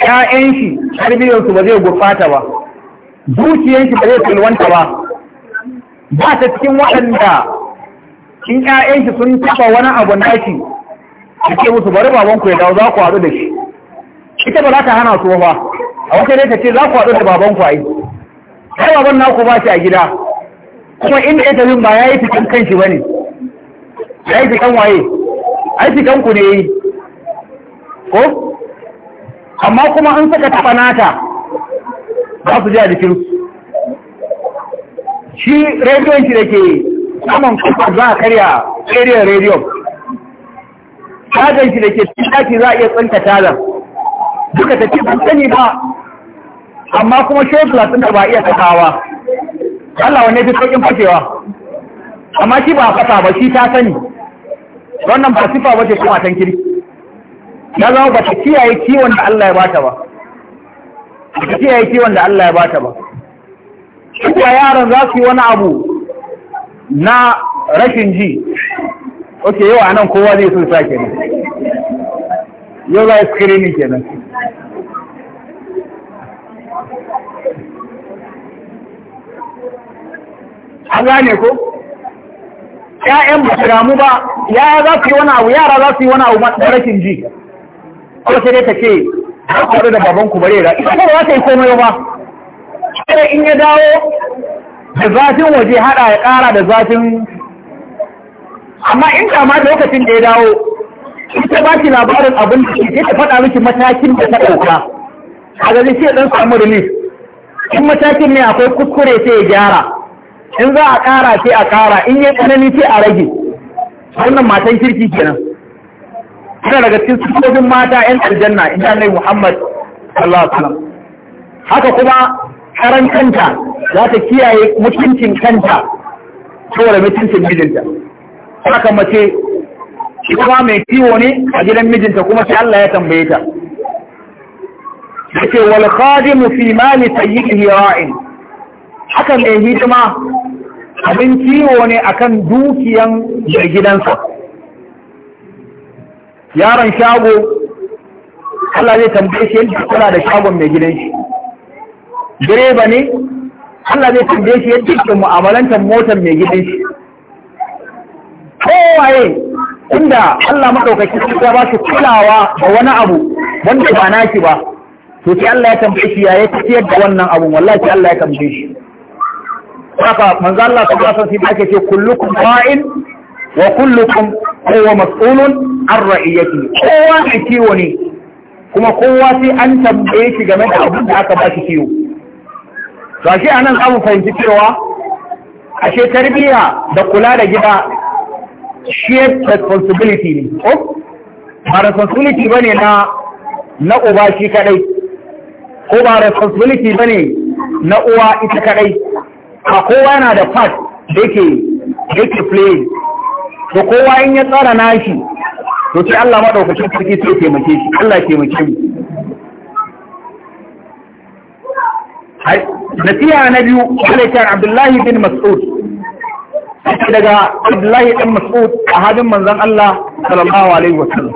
ƴaƴan shi su ba zai gurfata ba zuciyar shi ba zai kulwanta ba ba ta cikin waɗanda in ki sun taɓa wani abu naki ki ce musu bari babanku ya dawo za ku haɗu da shi ita ba za ta hana su ba a wata ne ta ce za ku haɗu da babanku ai kai baban naku ba shi a gida kuma inda ya tafi ba ya yi fikin kanshi ba ne ya yi fikin waye ai fikin ku ne yi ko amma kuma an saka taɓa nata za su ji a jikinsu shi rediyon shi da ke saman kuma za a karya ariyar rediyon tagan da ke taki za a iya tsanta tagan duka ta cikin sani ba amma kuma shekula da ba iya sakawa Allah wanne fi sauƙin fashewa amma shi ba fata ba shi ta sani wannan ba sifa ba ce kuma tan kiri ya zama ba ta kiyaye kiwon da Allah ya bata ba ba ta kiyaye kiwon da Allah ya bata ba Kuka yaran za su yi wani abu na rashin ji ok yau a nan kowa zai so sa kenan yau za a screening kenan an gane ko ƴaƴan ba su damu ba yaya za su yi wani abu yara za su yi wani abu da rashin ji ko sai dai ta ce ka da babanku bare da ita ba za ta yi komai ba sai in ya dawo da zafin waje hada ya kara da zafin amma in kama lokacin da ya dawo ita ba ki labarin abin da ke ta faɗa miki matakin da ta ɗauka a gari sai dan samu relief in matakin ne akwai kuskure sai ya gyara in za a kara sai a kara, in yi tsanani sai a rage wannan matan kirki kenan ana daga cikin sufofin mata 'yan aljanna in nai muhammad sallallahu alaihi wasallam haka kuma karantanta. za ta kiyaye mutuncin kanta saboda mutuncin mijinta haka mace shi kuma mai kiwo ne a gidan mijinta kuma sai Allah ya tambaye ta yake wal khadimu fi mali sayyidihi ra'in haka mai hidima abin kiwo ne akan dukiyan mai gidansa yaron shago Allah zai tambaye shi yadda kula da shagon mai gidan shi direba ne Allah zai tambaye shi yadda ke mu'amalantar motar mai gidan shi kowaye inda Allah madaukaki ya ba shi kulawa da wani abu wanda ba naki ba to sai Allah ya tambaye shi ya yake yadda wannan abun wallahi Allah ya tambaye shi haka manzo Allah sallallahu si ba yake ce kullukum ra'in wa kullukum huwa mas'ulun an ra'iyati kowa ne kiwo ne kuma kowa sai an tambaye shi game da abin da aka ba shi kiwo to ashe anan zamu fahimci cewa ashe tarbiyya da kula da gida shared responsibility ne ko ba responsibility bane na na uba shi kadai ko ba responsibility bane na uwa ita kadai a kowa yana da part da yake yake play da kowa in ya tsara nashi to sai Allah maɗaukacin sarki sai taimake shi Allah taimake mu nasiha na biyu halittar abdullahi bin mas'ud daga abdullahi bin mas'ud a hadin manzan Allah sallallahu alaihi wa sallam.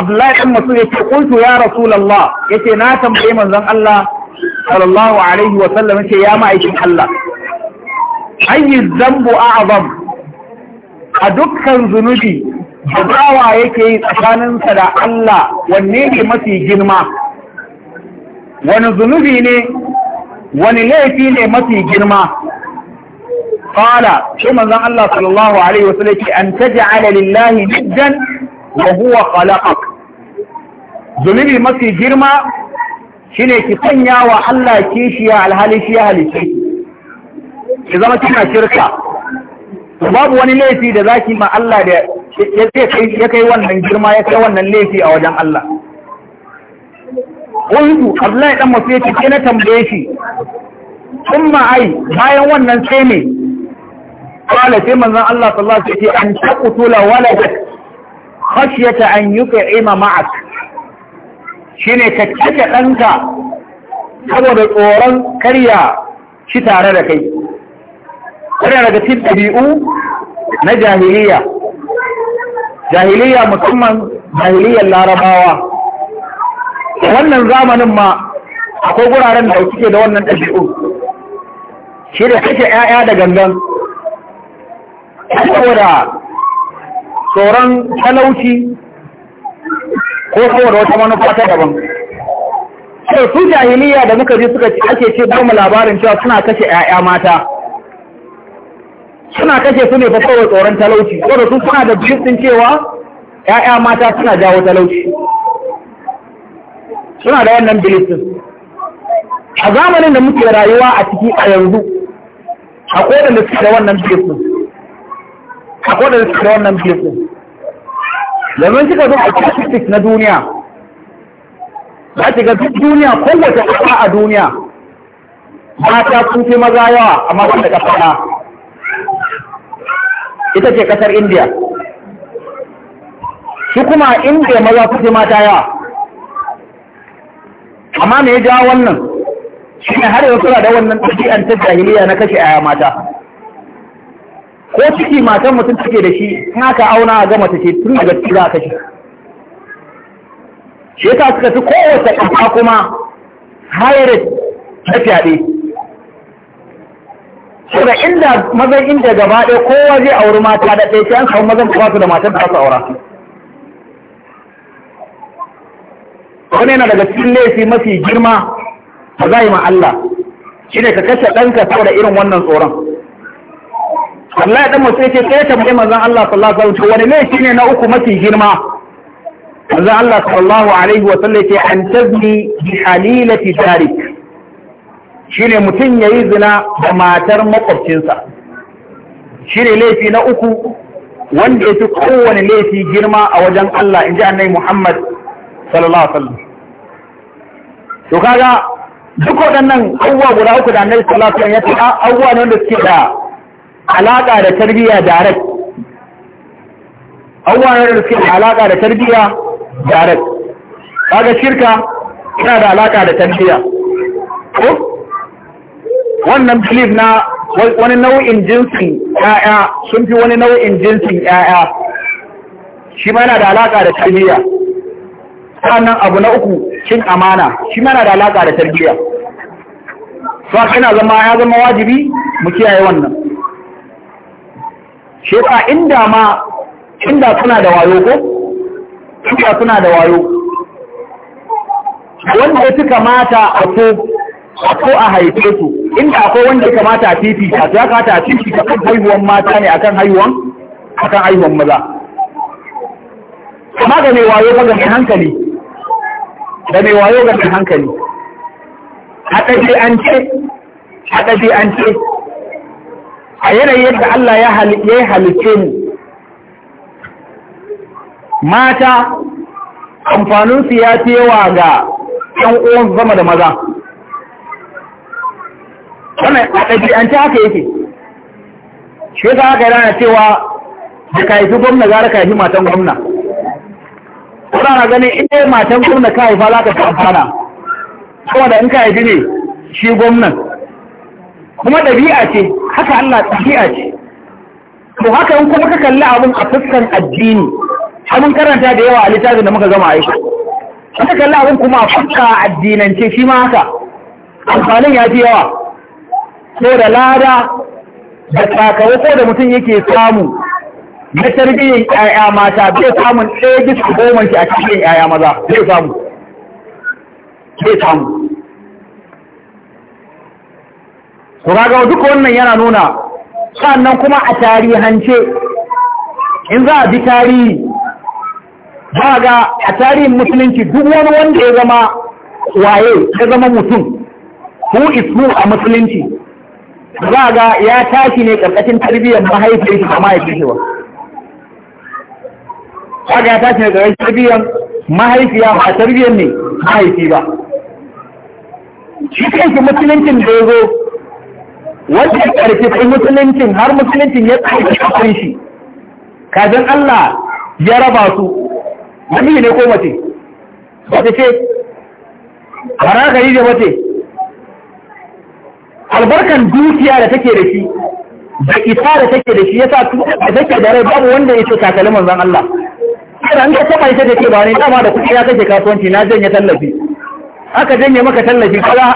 abdullahi bin mas'ud yake kuntu ya rasulullah yake na tambaye manzan Allah sallallahu alaihi wasallam yake ya ma'aikin Allah ayi zambu a'zam a dukkan zunubi da dawa yake yi tsakaninsa da Allah wanne ne mafi girma wani zunubi ne wani laifi ne mafi girma qala shi manzon Allah sallallahu alaihi wasallam ce an taj'ala lillahi niddan wa huwa khalaqak zunubi mafi girma shine ki sanya wa Allah kishiya alhali shi ya halice ki zama kina shirka babu wani laifi da zaki ma Allah da ya kai wannan girma ya kai wannan laifi a wajen Allah ƙundu abdullahi ɗan masu yake na tambaye shi sun ma'ai bayan wannan sai ne kwallo sai manzan Allah sallallahu alaihi wasallam an taqtula waladak khashyata an ima ma'ak shine ka kace ɗanka saboda tsoron karya shi tare da kai wannan daga cikin ɗabi'u na jahiliya jahiliya musamman jahiliyar larabawa wannan zamanin ma akwai guraren da suke da wannan ɗabi'u shi da kake ‘ya'ya da gangan saboda tsoron talauci ko saboda wata manufa ta daban sai su jahiliya da muka ji suka ce ake ce ba labarin cewa suna kashe ‘ya'ya mata suna kashe su ne fa saboda tsoron talauci saboda su suna da jinsin cewa ‘ya'ya mata suna jawo talauci suna da wannan bilisin a zamanin da muke rayuwa a ciki a yanzu a kodin da suke da wannan bilisin a kodin da suke da wannan bilisin yanzu suka zo a statistics na duniya za ki ga duk duniya kowace kasa a duniya mata sun fi maza yawa amma da ƙasa na ita ce ƙasar indiya shi kuma indiya maza su fi mata yawa amma me ya jawo wannan shi ne har yau suna da wannan ɗabi'an ta jahiliya na kashe aya mata ko ciki matan mutum take da shi in aka auna a gama ta ce tun daga ciki za a kashe shi ta suka fi kowace ƙasa kuma hayar ta fyaɗe saboda inda mazan inda gaba ɗaya kowa zai auri mata da ɗaya sai an samu mazan kuma su da matan da aka aura wani yana daga cikin laifi mafi girma a zai ma Allah shi ne ka kashe ɗanka saboda irin wannan tsoron Allah ya ɗan mutum yake sai tambayi manzan Allah sallallahu alaihi wasallam wani laifi ne na uku mafi girma manzan Allah sallallahu alaihi wasallam yake an tazni bi halilati Shi ne mutum ya yi zina da matar makwabcinsa ne laifi na uku wanda ya fi kowane laifi girma a wajen Allah in ji annai Muhammad sallallahu alaihi wasallam to kaga duk waɗannan abubuwa guda uku da annabi sallallahu alaihi ya faɗa abubuwa ne wanda suke da alaƙa da tarbiyya direct abubuwa ne wanda suke da alaƙa da tarbiyya direct kaga shirka yana da alaƙa da tarbiyya ko wannan belief na wani nau'in jinsin ƴaƴa sun fi wani nau'in jinsin ƴaƴa shi ma yana da alaƙa da tarbiyya sannan abu na uku cin amana shi mana da alaƙa da tarbiyya so ina zama ya zama wajibi mu kiyaye wannan shi inda ma inda suna da wayo ko inda suna da wayo wanda ya fi kamata a ko a ko a haife su inda akwai wanda ya kamata a fifi a ya kamata a ta kan haihuwan mata ne akan haihuwan akan haihuwan maza amma ga mai wayo ga hankali da mai wayo ga mai hankali a ɗabi'ance a ɗabi'ance a yanayin yadda Allah ya halice mu mata amfaninsu ya fi yawa ga ‘yan uwan zama da maza wannan a ɗabi'ance haka yake shi sa haka yana cewa da ka gwamna gara ka matan gwamna kuna ganin in dai matan gwamna ka haifa za ka fi amfana da in ka haifi ne shi gwamnan kuma ɗabi'a ce haka Allah ɗabi'a ce to haka in kuma ka kalli abin a fuskan addini abin karanta da yawa a littafin da muka gama aiki ka kalli abin kuma a fuska addinance shi ma haka amfanin ya fi yawa ko da lada da ko da mutum yake samu na tarbiyyar ƴaƴa mata zai samun ɗaya bisa goma shi a cikin ƴaƴa maza zai samu Zai samu ku ga duk wannan yana nuna sannan kuma a tarihance in za a bi tarihi ba ga a tarihin musulunci duk wani wanda ya zama waye ya zama mutum who is a musulunci za ga ya tashi ne ƙarƙashin tarbiyyar mahaifiyar shi da mahaifiyar shi ba kaga ya tashi daga tarbiyyar mahaifiya ba tarbiyyar ne mahaifi ba shi kanshi musuluncin da ya zo wanda ya karfi kai musuluncin har musuluncin ya tsaye a kan shi kajin Allah ya raba su wani ne ko mace wata ce bara gari da mace albarkan dukiya da take da shi da isa da take da shi ya sa da take da rai babu wanda ya ce kakali manzan Allah kada an ka taba ita da ke ba ne dama da kuɗi ya kake kasuwanci na janye tallafi aka janye maka tallafi kala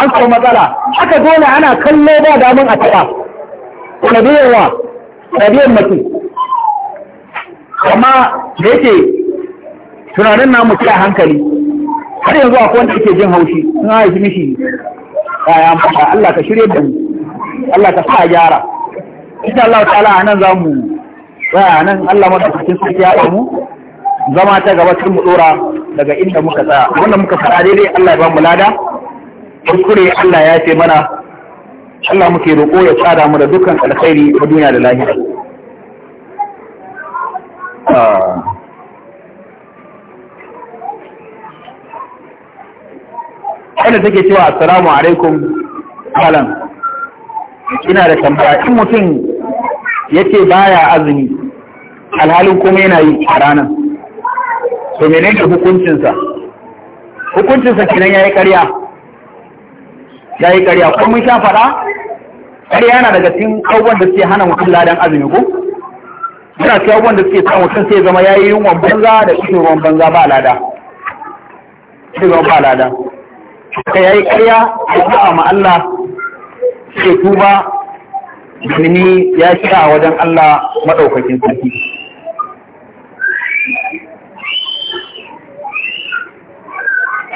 an so matsala aka dole ana kallo ba damun a taba ɗabi'ar wa ɗabi'ar mutu. amma da yake tunanin namu sai a hankali har yanzu a wanda yake jin haushi sun haifi mishi kaya mata Allah ka shirye da mu Allah ka sa gyara insha Allah ta'ala za mu. tsaya nan Allah madaukakin sarki ya damu zama ta gaba cikin mu daga inda muka tsaya Wanda muka fara daidai Allah ya ba mu lada kuskure Allah ya ce mana Allah muke roƙo ya tsada mu da dukkan alkhairi a duniya da lahira ah. wanda take cewa assalamu alaikum malam ina da tambaya in mutum yake baya azumi alhalin kuma yana yi a ranar to mene ne hukuncinsa hukuncinsa kenan ya yi karya ya yi karya ko mun sha faɗa karya yana daga cikin abubuwan da suke hana mutum ladan azumi ko yana cikin abubuwan da suke sa mutum sai zama ya yi yunwan banza da cikin ruwan banza ba lada cikin ruwan ba lada ka ya yi karya a ba'a ma Allah sai tuba domin ya a wajen Allah maɗaukakin sarki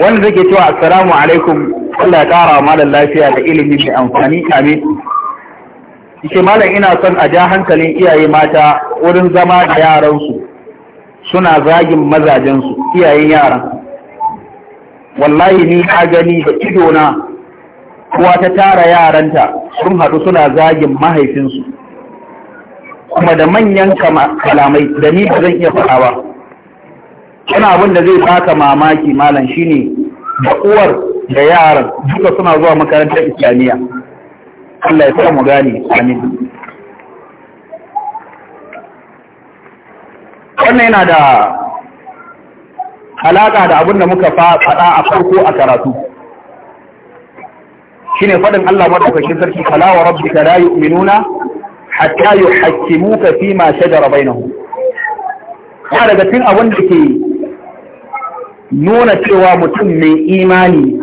wanda ke cewa assalamu alaikum Allah ya kara malam lafiya da ilimi mai amfani kame yake malam ina son a ja hankalin iyaye mata wurin zama da yaransu suna zagin mazajensu iyayen yaran wallahi ni na gani da idona kuwa ta tara yaranta sun haɗu suna zagin mahaifinsu kuma da manyan kalamai da ni ba zan iya faɗa ba wani abin da zai baka mamaki malam shine da uwar da yaran duka suna zuwa makarantar islamiyya Allah ya sa mu gane amin wannan yana da alaƙa da abin da muka faɗa a farko a karatu shine faɗin Allah madaukakin sarki kala wa rabbika la yu'minuna hatta yuhakkimuka fi ma shajara bainahum ya daga cikin abin da ke nuna cewa mutum mai imani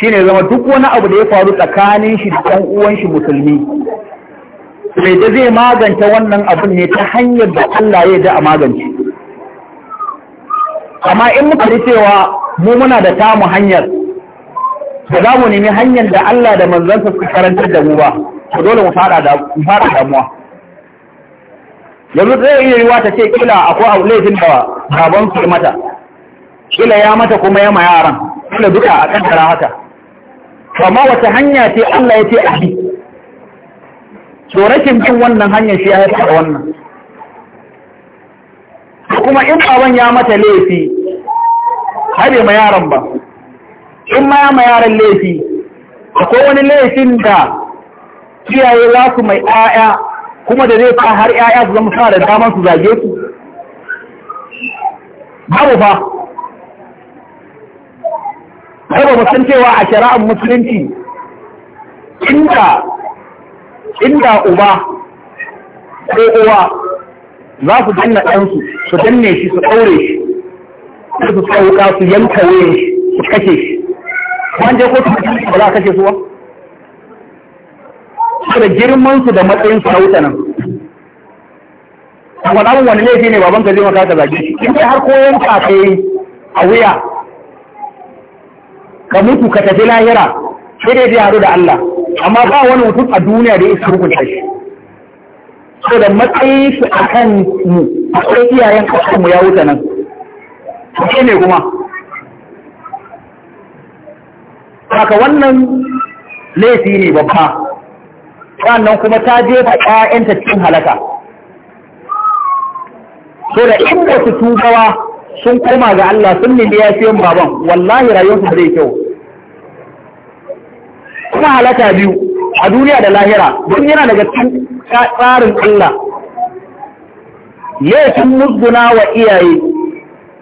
shine zama duk wani abu da ya faru tsakanin shi da ɗan uwan shi musulmi sai da zai magance wannan abin ne ta hanyar da Allah ya da magance amma in muka ji cewa mu muna da tamu hanyar da za mu nemi hanyar da Allah da manzansa suka karantar da mu ba to dole mu fara damuwa yanzu zai iya yiwa ta ce kila akwai abu laifin da baban su mata kila ya mata kuma ya ma yaran kila duka a kan tara haka amma wata hanya ce Allah ya ce a bi to rashin bin wannan hanya shi ya haifar da wannan kuma in baban ya mata laifi har ma yaran ba in ma ya ma laifi akwai wani laifin da kiyaye za su mai ƴaƴa kuma da zai sa har ƴaƴa su zama suna da daman su zage su babu fa kada ba san cewa a shari'ar musulunci inda inda uba ko uwa za su danna ɗansu su danne shi su ɗaure shi su sauka su yanka shi su kashe shi ban je ba za a kashe su ba girman girmansu da matsayin su wuta nan a faɗa wani laifi ne baban ka zai maka ka zage in kai har koyon ka kai a wuya ka mutu ka tafi lahira sai dai zai haɗu da Allah amma ba wani mutum a duniya da isa hukunta shi so da matsayin su a kan mu akwai iyayen kasan mu ya wuta nan shi ne kuma haka wannan laifi ne babba sannan kuma ta jefa ƴaƴanta cikin halaka so da in wasu tubawa sun koma ga Allah sun nemi fiye baban wallahi rayuwarsu ba zai kyau kuma halaka biyu a duniya da lahira don yana daga cikin tsarin Allah sun musguna wa iyaye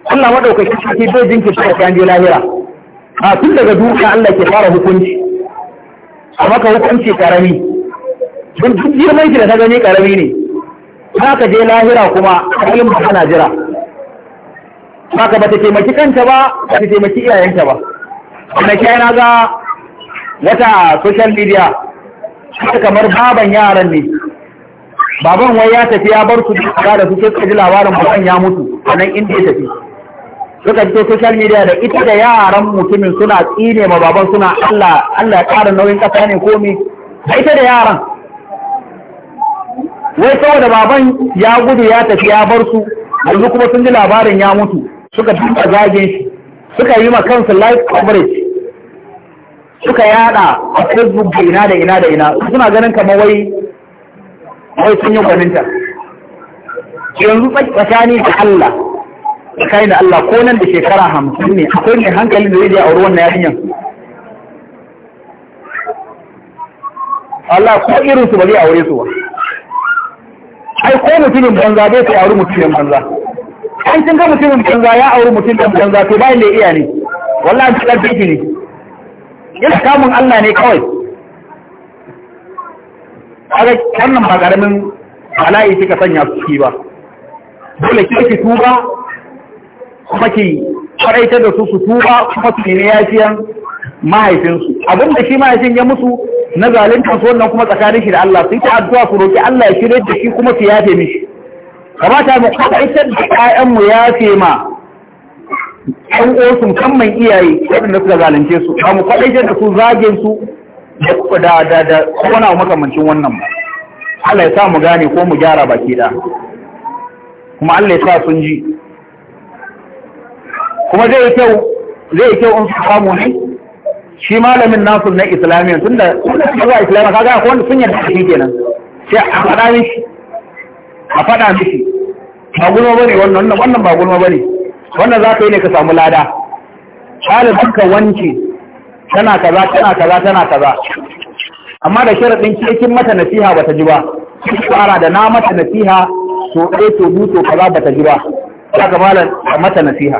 Allah maɗaukaki shi zai jinkirta ta je lahira a tun daga duniya Allah ke fara hukunci a maka hukunci karami sun duk girman shi da ta gani karami ne za ka je lahira kuma kayan ba kana jira ba ka ba ta taimaki kanta ba ba ta taimaki iyayenta ba ga wata social media ta kamar baban yaran ne baban wai ya tafi ya bar su da da su sai ka ji labarin baban ya mutu a nan inda ya tafi suka fito social media da ita da yaran mutumin suna tsine ma baban suna Allah Allah ya ƙara nauyin ƙasa ne komai. ita da yaran wai saboda baban ya gudu ya tafi ya bar su yanzu kuma sun ji labarin ya mutu suka tuka zagin shi suka yi ma kansu live coverage suka yada a facebook da ina da ina da ina suna ganin kamar wai wai sun yi gwaninta yanzu tsakani da Allah tsakani da Allah ko nan da shekara hamsin ne akwai mai hankalin da zai je a ruwan na yarinyar Allah ko su ba zai aure su ba ai ko mutumin banza zai ta auri mutumin banza an cin ga mutumin banza ya auri mutumin banza to bayan da iya ne wallahi an cikar biki ne yana kamun Allah ne kawai kaga wannan ba karamin bala'i kika sanya su ba dole ki tuba kuma ki faraitar da su su tuba kuma su ne yafiyan mahaifinsu abin da shi mahaifin ya musu na zalunta su wannan kuma tsakanin shi da Allah sai ta addu'a su roki Allah ya shirye da shi kuma su yafe mishi kamata mu kwaitar da ƴaƴan mu yafe ma ɗan kan mai iyaye waɗanda suka zalunce su ba mu kwaitar da su zagin su da da da kuma makamancin wannan ba Allah ya sa mu gane ko mu gyara baki da kuma Allah ya sa sun ji kuma zai kyau zai kyau in su samu ne shi malamin nasu na islamiyya tunda tunda zuwa islamiyya kaga akwai wanda sun da shi kenan sai a faɗa mishi a faɗa mishi ba gulma bane wannan wannan ba gulma bane wannan za yi ne ka samu lada ɗalibin duka wanke tana kaza tana kaza tana kaza amma da sharaɗin cikin mata nasiha bata ji ba fara da na mata nasiha to ɗaya to biyu to kaza bata ji ba za ka mata nasiha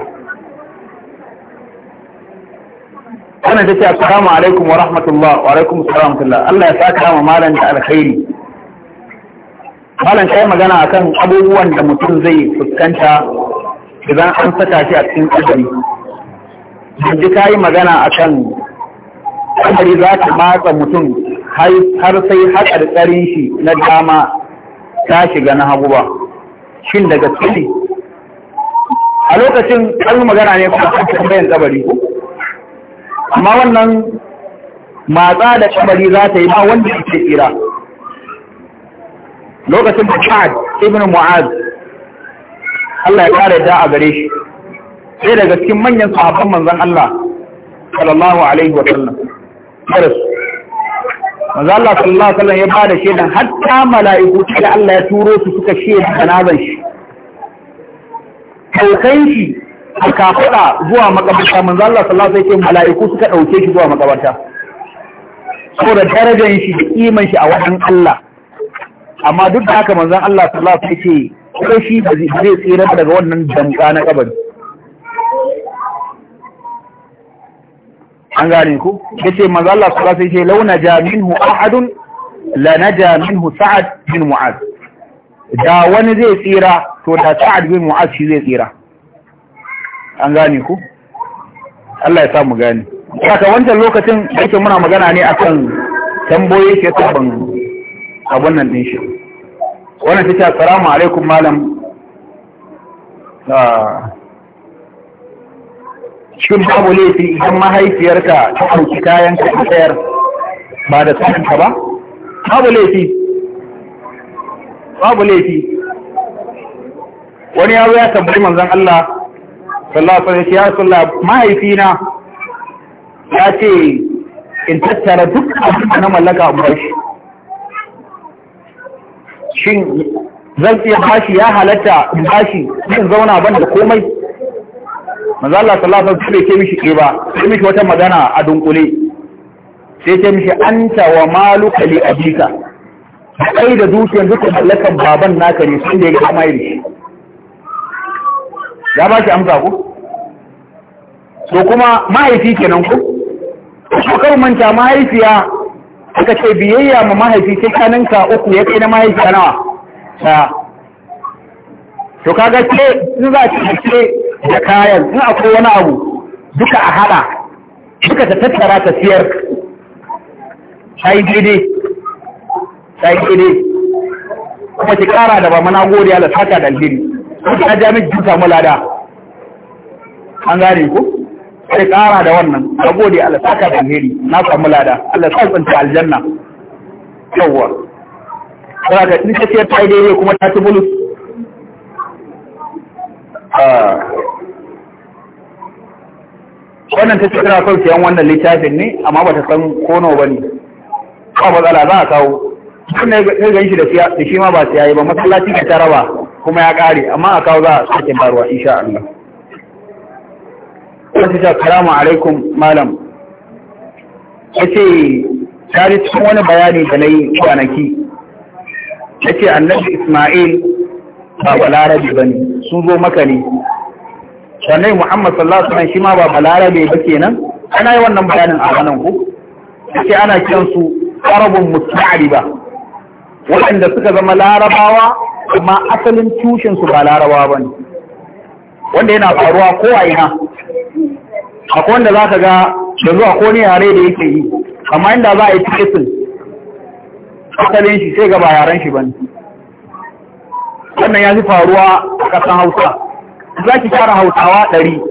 wannan ta ce assalamu alaikum wa rahmatullah wa alaikum assalam Allah ya saka ma malam da alkhairi malam kai magana akan abubuwan da mutum zai fuskanta idan an saka shi a cikin kadari yanzu ka yi magana akan kadari za ta matsa mutum har sai haƙar tsarin shi na dama ta shiga na hagu ba shin daga gaske a lokacin an magana ne kuma kan tambayan kabari ko amma wannan matsa da kamari za ta yi ba wanda ya ce tsira lokacin da Chad ibn Mu'az Allah ya kare da a gare shi sai daga cikin manyan sahabban manzan Allah sallallahu alaihi wa sallam karasu manzan Allah sallallahu alaihi wa sallam ya bada shaidan hatta mala'iku da Allah ya turo su suka da nazan shi kaukan shi a kafaɗa zuwa makabarta manzo Allah sallallahu alaihi wasallam mala'iku suka ɗauke shi zuwa makabarta saboda darajar shi da kiman shi a wajen Allah amma duk da haka manzo Allah sallallahu alaihi wasallam yake shi zai tsira daga wannan danka na kabari an gane ku yace manzo Allah sallallahu alaihi wasallam launa ja minhu ahadun la minhu sa'ad bin mu'az da wani zai tsira to da sa'ad bin mu'az shi zai tsira an gane ku Allah ya samu gane saka wancan lokacin aikin muna magana ne akan tamboyi shi sabon abun nan din shi wannan tace assalamu alaikum malam cikin ah. babu laifi idan mahaifiyarka ta ɗauki kayan ka tsayar ba da tsananta ba? Babu laifi. Babu laifi. Wani yaro ya tambayi manzan Allah sallallahu alaihi ya sallah mahaifina ya ce in tattara duk abin da na mallaka a shin zan iya bashi ya halatta in bashi zan zauna ban da komai manzo Allah sallallahu alaihi ke mishi ke ba sai mishi wata magana a dunkule sai ce mishi anta wa maluka li abika kai da dukiyar duka mallakan baban naka ne sun da ya ga mai ya ba ki amsa ku? so kuma mahaifi kenan ko ko manta mahaifiya aka ce biyayya ma mahaifi sai kaninka uku ya kai na mahaifiya nawa ta to kaga ce in za ki ce da kayan in akwai wani abu duka a hada duka ta tattara ta siyar sai daidai kuma ki kara da ba mana godiya da saka da alheri wata a jami'in jin samu lada an gane ku sai kara da wannan ka gode Allah saka da Heri, na samu lada Allah sa tsanci aljanna yawwa sai ga in kace ta yi daidai kuma ta ci ah wannan ta ce kawai son siyan wannan littafin ne amma ba ta san kono ba ne ba matsala za a kawo sun ne gan shi da shi ma ba siya yi ba matsalaci ka taraba kuma ya ƙare amma a kawo za a sake barwa insha Allah wasu ta karamu alaikum malam ya ce tare cikin wani bayani da na yi kwanaki ya ce annabi ismail ba balarabe ba ne sun zo maka ne sannan muhammad sallallahu alaihi wasallam shi ma ba balarabe ba kenan ana yi wannan bayanin a ranar ku ya ce ana kiransu arabun musta'ariba waɗanda suka zama larabawa amma asalin tushen su ba larawa ba ne wanda yana faruwa ko a ina akwai wanda za ka ga yanzu ko ne yare da yake yi amma inda za a yi tikisin asalin shi sai ga ba yaren shi ba ne wannan ya fi faruwa a ƙasan hausa za ki kara hausawa ɗari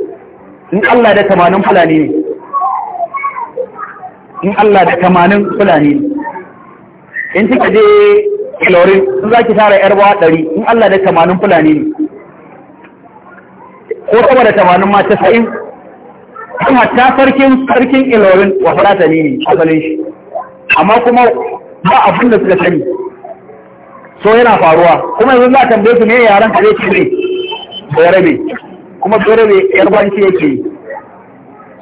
in allah da tamanin fulani ne in allah da tamanin fulani ne in kika je kilorin sun za ki tara yar bawa ɗari in Allah da tamanin fulani ne ko sama da tamanin mata sa'in kuma ta sarkin sarkin ilorin wa fulata ne asalin shi amma kuma ba abin da suka sani so yana faruwa kuma yanzu za a tambaye su ne yaran ka zai ci ne berabe kuma berabe yarbanci yake yi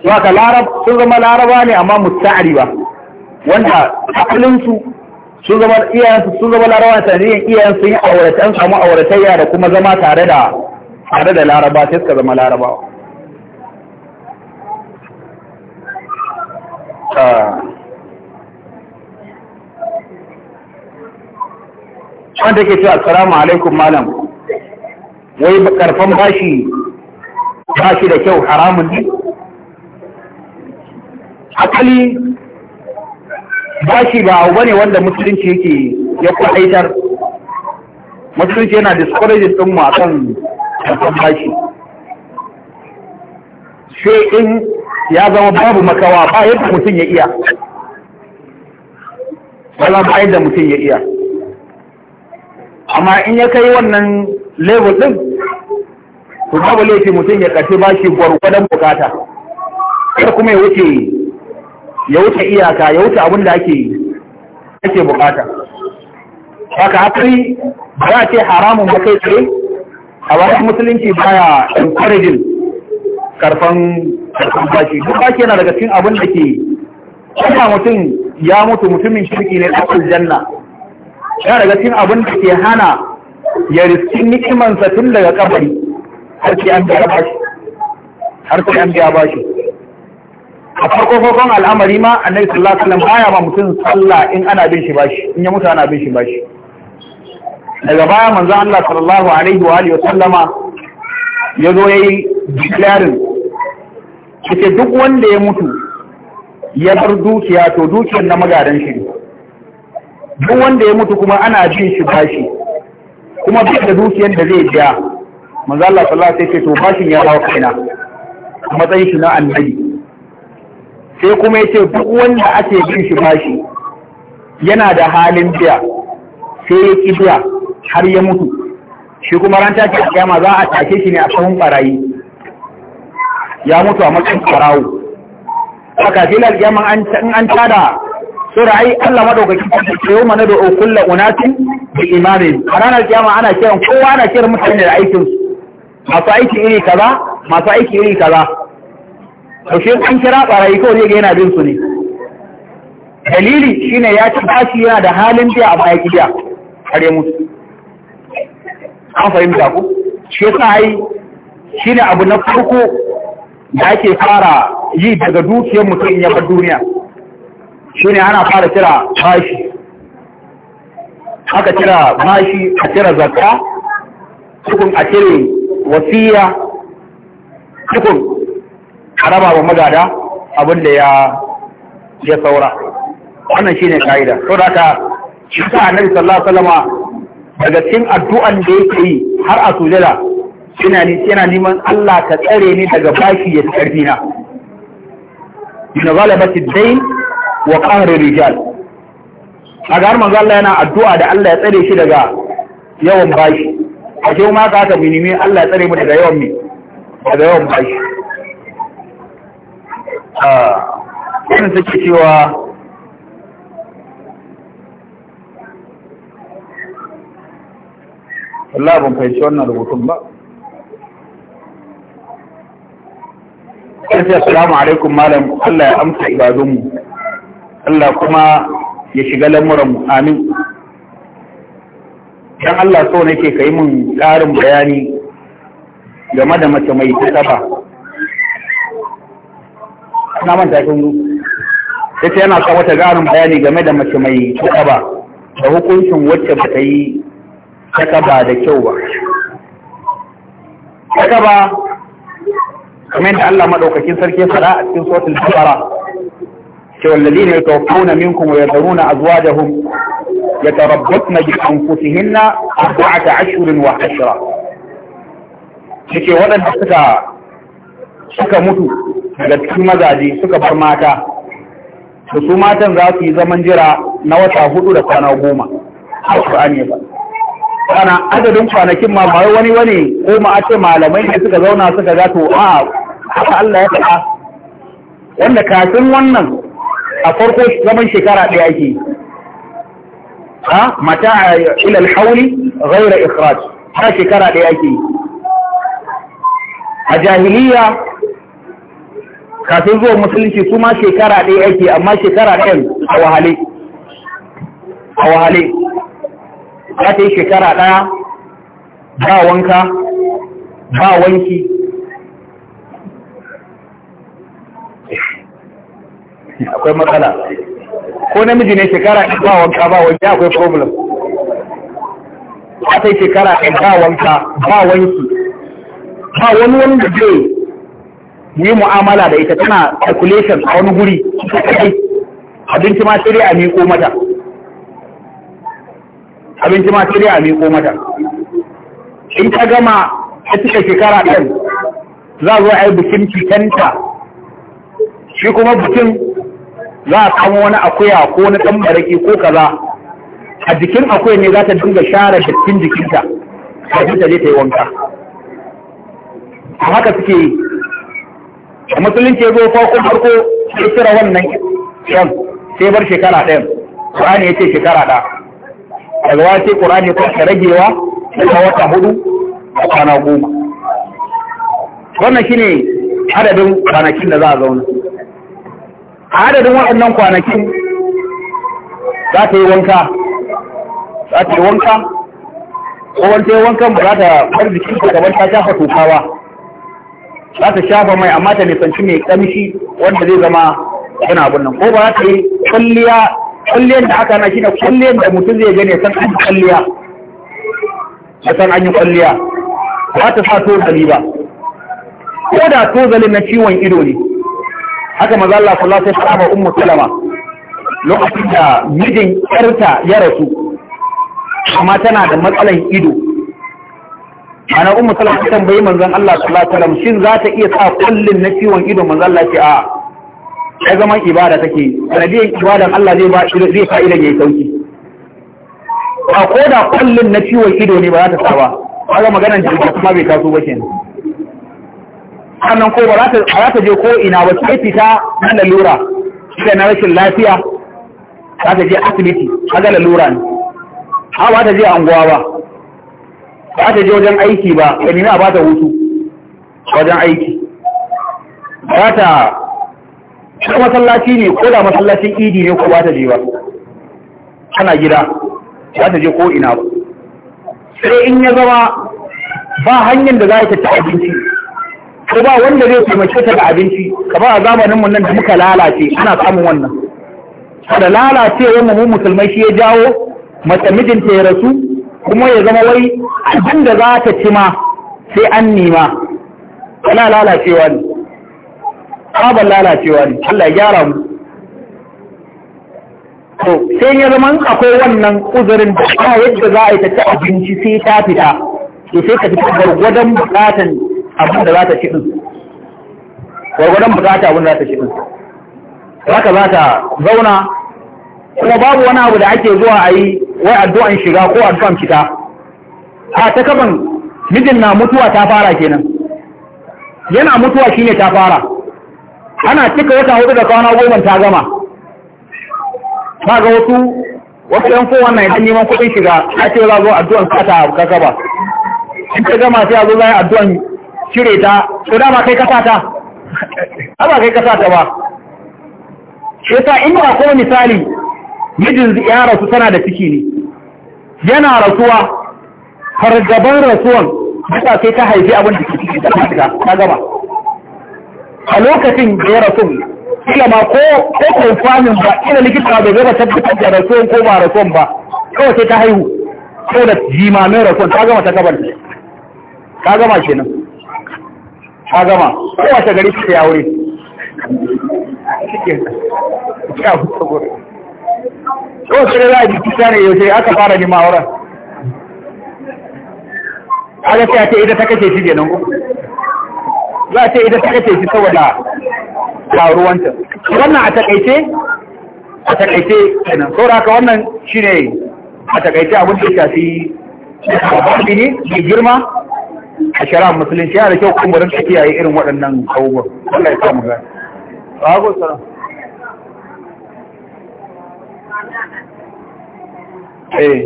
Waka larab sun zama laraba ne amma musta'ariba wanda akalinsu sun zama iyayensu sun zama larabawa iyayen sun yi aurata an samu auratayya da kuma zama tare da tare da laraba sai suka zama larabawa ah. wanda ke cewa assalamu alaikum malam wai karfan bashi bashi da kyau haramun ne akali bashi ba abu bane wanda musulunci yake ya kwaitar musulunci yana discouraging din mu akan kan shi sai in ya zama babu makawa ba yadda mutum ya iya wala ba yadda mutum ya iya amma in ya kai wannan level din to babu laifi mutum ya kashe ba shi gwargwadon bukata kar kuma ya wuce ya wuce iyaka ya wuce abin da ake bukata ba haka hakuri ba za a ce haramun ba kai tsaye a wani musulunci ya encouraging karfan karfan bashi duk bashi yana daga cikin abin da ke kuma mutum ya mutu mutumin shirki ne ɗan janna yana daga cikin abin da ke hana ya riski nikimansa tun daga kabari har ke an biya bashi har sai an biya bashi a farko farkon al'amari ma annabi sallallahu alaihi wasallam baya ma mutum sallah in ana bin shi bashi in ya mutu ana bin shi bashi daga baya manzon Allah sallallahu alaihi wa alihi wasallama ya zo yayi declaring yace duk wanda ya mutu ya bar dukiya to dukiyar na magadan shi duk wanda ya mutu kuma ana bin shi bashi kuma duk da dukiyar da zai biya manzon Allah sallallahu alaihi wasallam sai ce to bashin ya dawo kaina matsayin shi na annabi sai kuma ya ce duk wanda ake bin shi bashi yana da halin biya sai ya ƙi biya har ya mutu shi kuma ran take a kiyama za a tashe shi ne a sahun barayi ya mutu a matsayin barawo haka sai lal in an tada sura ai Allah madaukakin sarki ce yau mana da kullu unatin da imamin a ranar kiyama ana kiran kowa ana kiran mutane da aikin su masu aiki iri kaza masu aiki iri kaza to shi an kira barayi ko ne ga yana bin su ne dalili shine ya ci bashi yana da halin biya a baki biya kare mu an fahimta ku shi yasa ai shine abu na farko da ake fara yi daga dukiyar mutum ya bar duniya shine ana fara kira bashi aka kira bashi a kira zakka tukun a cire wasiya tukun a raba wa magada abin da ya saura wannan shine kaida to da ka shi ta annabi sallallahu alaihi wasallam daga cikin addu'an da yake yi har a sujada yana yana neman Allah ka tsare ni daga bashi ya tsarfi na min ghalabati ad-dayn wa qahri rijal aga har manzo Allah yana addu'a da Allah ya tsare shi daga yawan bashi a ce ma ka ta minimi Allah ya tsare mu daga yawan mi daga yawan bashi irin suke cewa Allah ban fahimci wannan rubutun ba sai assalamu alaikum malam Allah ya amsa ibadunmu Allah kuma ya shiga lamuranmu, amin dan Allah so nake yi min ƙarin bayani game da mace mai ta tsaba na manta kun yace yana son wata garin bayani game da mace mai takaba da hukuncin wacce ba ta yi takaba da kyau ba takaba kamar yadda Allah madaukakin sarki ya fara a cikin suratul baqara cewa alladhina yatawaffawna minkum wa yadharuna azwajahum yatarabbasna bi anfusihinna arba'ata ashhurin wa ashra yake waɗanda suka suka mutu daga cikin mazaje suka bar mata da su matan za su yi zaman jira na wata hudu da kwana goma a ƙur'ani ba kana adadin kwanakin ma wani wani ko ma a ce malamai ne suka zauna suka ga to a ah, haka Allah ya faɗa wanda kafin wannan a farko zaman shekara ɗaya ake ha mata ila alhawli gaira ikhraj har shekara ɗaya ake a jahiliya kafin zuwa musulunci su ma shekara ɗaya ake amma shekara ɗayan a wahale a wahale za ta yi shekara ɗaya ba wanka ba wanki akwai matsala ko namiji ne shekara ɗaya ba wanka ba wanki akwai problem za ta yi shekara ɗaya ba wanka ba wanki ba wani wani da zai mu yi mu'amala da ita tana calculation a wani guri abinci ma shirya a miƙo mata abinci ma shirya a miƙo mata in ta gama ta cika shekara ɗin za zo a yi bikin cikanta shi kuma bikin za a kama wani akuya ko wani ɗan baraki ko kaza a jikin akuya ne za ta dinga share jikin jikinta kafin ta je ta yi wanka a haka suke yi da musulun ke zo farko farko ya tsira wannan yan sai bar shekara ɗayan ƙur'ani ya ce shekara ɗaya daga sai ƙur'ani ya ka ragewa daga wata hudu a kwana goma wannan shi ne adadin kwanakin da za a zauna a adadin waɗannan kwanakin za ta yi wanka za ta yi wanka ko wanta yi wankan ba za ta bar jikin ta ta shafa tokawa za ta shafa mai amma ta nisanci mai kamshi wanda zai zama yana abin nan ko ba za ta yi kwalliya da aka na shi da kwalliyar da mutum zai gane san an kwalliya da san an yi kwalliya ba ta sa tozali ba ko da tozali na ciwon ido ne haka maza Allah sallallahu alaihi wasallam ummu salama lokacin da mijin yarta ya rasu amma tana da matsalan ido ana umu salama ta tambayi manzon Allah sallallahu alaihi wasallam shin za ta iya sa kullun na ciwon ido manzon Allah ce a ya zaman ibada take sanadiyan ibadan Allah zai ba zai fa idan yayi sauki a koda kullun na ciwon ido ne ba za ta sa ba kaga maganar jirgi kuma bai taso ba kenan sannan ko ba za ta je ko ina ba sai fita na lalura sai na rashin lafiya za ta je asibiti kaga lalura ne ha ba ta je anguwa ba ba ta je wajen aiki ba ka nemi ba ta hutu wajen aiki ba ta ta masallaci ne ko da masallacin idi ne ko ba ta je ba tana gida ba ta je ko ina ba sai in ya zama ba hanyar da za ta ci abinci ko ba wanda zai taimake ta da abinci kamar a zamaninmu nan da muka lalace ana samun wannan da lalacewar mu musulmai shi ya jawo mace mijinta ya rasu kuma ya zama wai abin da za ta ci ma sai an nima ana lalacewa ne sabon lalacewa ne Allah ya gyara mu to sai ya zama akwai wannan uzurin da ba yadda za a yi ta ci abinci sai ta fita to sai ka fita gwargwadon bukatan abin da za ta ci din gwargwadon bukata abin da za ta ci din haka za ta zauna kuma babu wani abu da ake zuwa a yi wai addu'an shiga ko addu'an fita a ta kaban mijin na mutuwa ta fara kenan yana mutuwa shine ta fara ana cika wata hudu da kawana goma ta gama ta ga wasu wasu yan ko wannan idan neman kuɗin shiga a ce za zo addu'an kata ka gaba. in ta gama sai a zo za yi addu'an cire ta su dama kai kasa ta ba kai kasa ta ba shi yasa in ba misali mijin ya rasu tana da ciki ne yana rasuwa fargaban rasuwan duka sai ta haifi abin da ke ciki da ta gaba a lokacin da ya rasu ila ma ko ko kwanin ba ina likita zai ba tabbatar da rasuwan ko ba rasuwan ba kawai sai ta haihu ko da jimamin rasuwan ta gama ta kabar ta gama kenan ta gama Kowace gari ta ya ne ko sai za a ji kisa ne sai aka fara nima auren aka sai a ce ita ta kace shi kenan ko za a ce ita ta kace shi saboda taruwanta wannan a takaice a takaice kenan saboda haka wannan shine a takaice abin da ya shafi shi ne mai girma a shari'ar musulunci yana da kyau kuma rinka kiyaye irin waɗannan abubuwan Allah ya samu gani. Wa alaikum salam. eh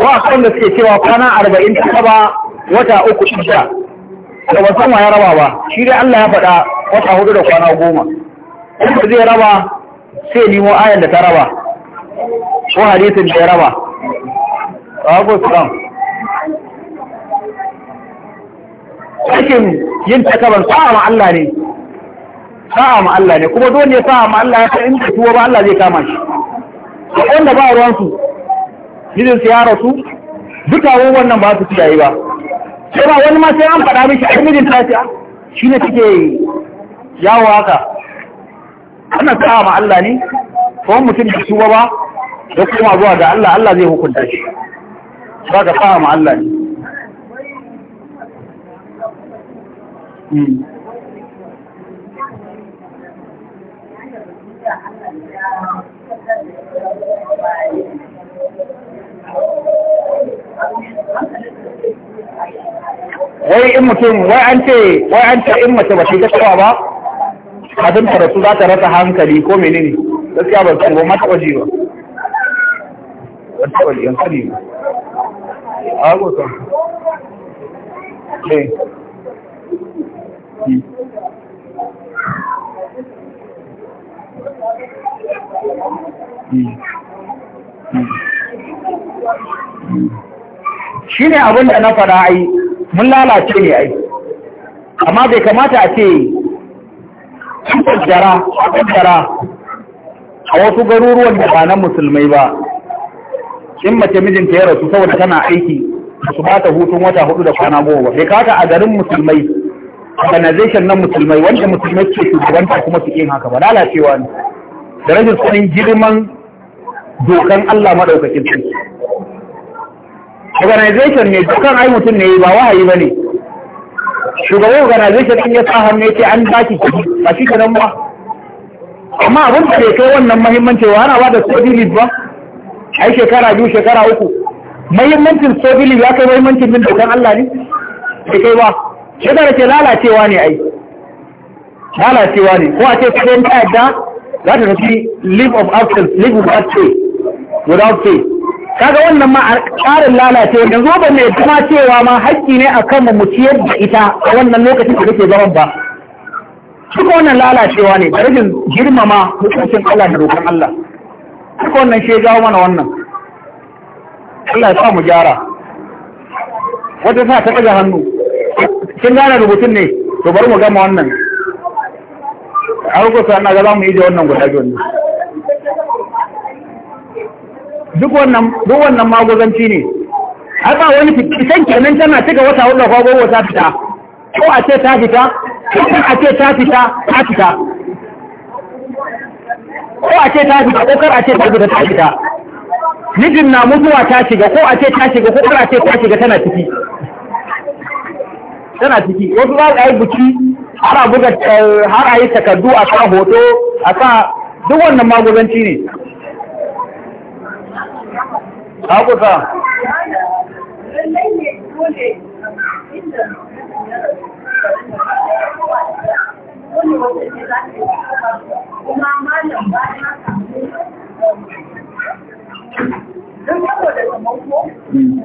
wa kan da suke cewa kwana arba'in ta kaba wata uku shida da ba san ya raba ba shi dai Allah ya faɗa wata hudu da kwana goma wanda zai raba sai nemo ayan da ta raba ko hadisin da ya raba ko sulam cikin yin takabar sa'a Allah ne sa'a ma Allah ne kuma dole ya sa'a ma Allah ya ta inda tuwa ba Allah zai kama shi da wanda ba a su jinin su ya rasu duka wannan ba su ci kiyaye ba sai ba wani ma sai an faɗa mishi a mijin ta a? Ah. shi ne take yawo haka ana sa'a ma Allah ne ko mutum da tuwa ba da kuma zuwa ga Allah Allah zai hukunta shi ba ga sa'a ma Allah ne hmm. wai in mutum wai an ce wai an ce in mace ba shi ta tsawa ba abin ta rasu za ta rasa hankali ko menene gaskiya ba ta ba mata waje ba wata waje an sani ba a eh hmm. shi ne abin na fara ai mun lalace ne ai amma bai kamata a ce kaddara kaddara a wasu garuruwan da ba na musulmai ba in mace mijinta ya rasu saboda tana aiki su ba ta hutun wata hudu da kwana goma bai kaka a garin musulmai organization na musulmai wanda musulmai ke shugabanta kuma su yin haka ba lalacewa ne da rashin sanin girman dokan Allah maɗaukacin su. organization ne dokan ai mutum ne ba wahayi ba ne shugaban organization in ya sa hannu ya ce an baki ki ba shi kenan ba amma abin da ke kai wannan mahimmanci wa ana ba da sobilis ba ai shekara biyu shekara uku mahimmancin sobilis ya kai mahimmancin bin dokan Allah ne bai kai ba shekara ce lalacewa ne ai lalacewa ne ko a ce kayan ta yadda za ta tafi leave of absence leave of absence without pay kaga wannan ma a ƙarin lalace yanzu ba mai kuma cewa ma haƙƙi ne a kanmu mu ciyar da ita a wannan lokacin da kake zaman ba duka wannan lalacewa ne da rashin girmama hukuncin Allah da roƙon Allah duka wannan shi ya jawo mana wannan Allah ya sa mu gyara wata sa ta ɗaga hannu kin gane rubutun ne to bari mu gama wannan har ko sai na ga za mu yi da wannan guda biyu duk wannan duk wannan magozanci ne Haka ba wani fitan kenan tana cika wata hudu ko gogo ta fita ko a ce ta fita ko a ce ta fita ta fita ko a ce ta fita ko kar a ce ta fita ta fita mijin na mutuwa ta shiga ko a ce ta shiga ko kar a ce ta shiga tana ciki tana ciki wasu za su yi buki har a buga eh, har a yi takardu a sa hoto a sa duk wannan magudanci ne Thank you. don saboda eh, mm. a ne ba ne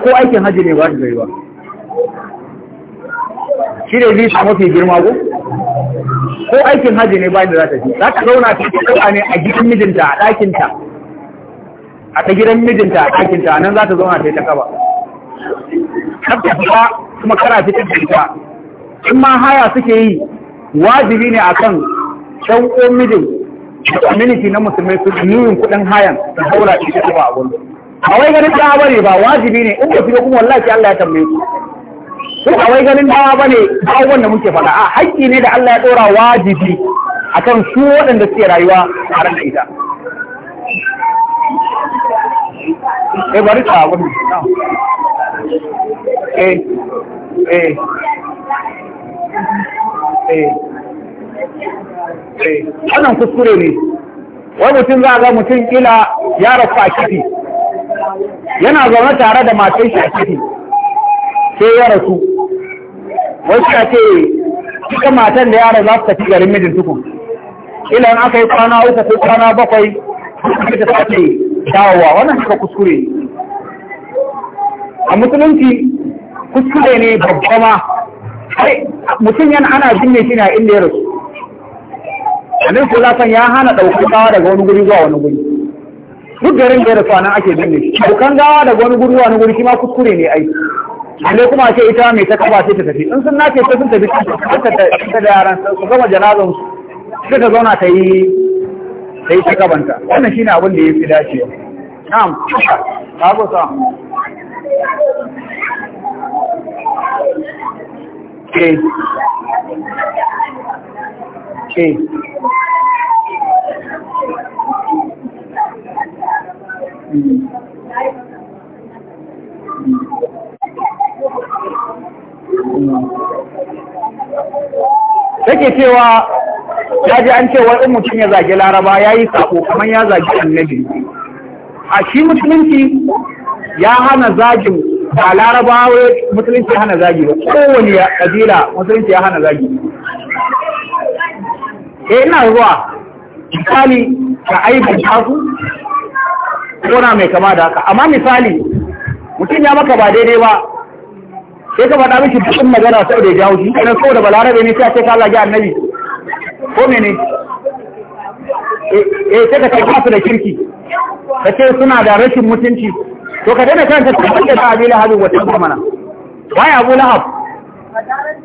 ba ba hajji ne gaiwa shi ne samu mafi girma ko ko aikin hajji ne bayan da za ta fi za ta zauna ta ɗauka ne a gidan mijinta a ɗakinta a ta gidan mijinta a ɗakinta nan za ta zauna ta yi ta kaba kafta fita kuma kara fitar da ita in ma haya suke yi wajibi ne a kan ɗan mijin da community na musulmai su nuyin kuɗin hayan da zaura ita ta ba a gudu a wai ganin ta bane ba wajibi ne in ba su kuma wallahi Allah ya tambaye su ko awai wai ganin dawa bane abubuwan da muke faɗa a haƙƙi ne da Allah ya ɗora wajibi kan su waɗanda suke rayuwa a ran da ita eh bari ta wani eh eh eh eh wannan kuskure ne wani mutum za a ga mutum kila ya rasu a kifi yana zaune tare da matan a kifi sai ya rasu wasu a ce duka matan da yara za su tafi garin mijin tukun ilan aka yi kwana uku ko kwana bakwai suka ta sake dawowa wannan suka kuskure a musulunci kuskure ne babba ma mutum yana ana binne shi a inda ya rasu annabi sallallahu alaihi ya hana ɗaukar gawa daga wani guri zuwa wani guri duk garin da ya rasu nan ake jin shi ɗaukar gawa daga wani guri zuwa wani guri shi ma kuskure ne aiki. ale kuma ce ita mai ta kaba sai ta tafi in sun nace ta sun tafi ta da yaran su gama janazan su suka zauna ta yi ta yi ta kabanta wannan shine abin da ya fi dace na'am Ka go sa ke ke Mm-hmm. take cewa ya ji an cewa in mutum ya zage laraba ya yi sako kamar ya zage annabi a shi musulunci ya hana zagin ba laraba musulunci ya hana zagi ba kowane kabila musulunci ya hana zagi E ina zuwa misali ka aibin ko na mai kama da haka amma misali mutum ya maka ba daidai ba sai ka faɗa miki cikin magana saboda ya jawo shi da saboda balarabe ne sai a ce ka zagi annabi ko ne? Eh, eh sai ka tafi su da kirki ka ce suna da rashin mutunci to ka daina kanta ta kanta da abila habu wata zamana wai abu lahab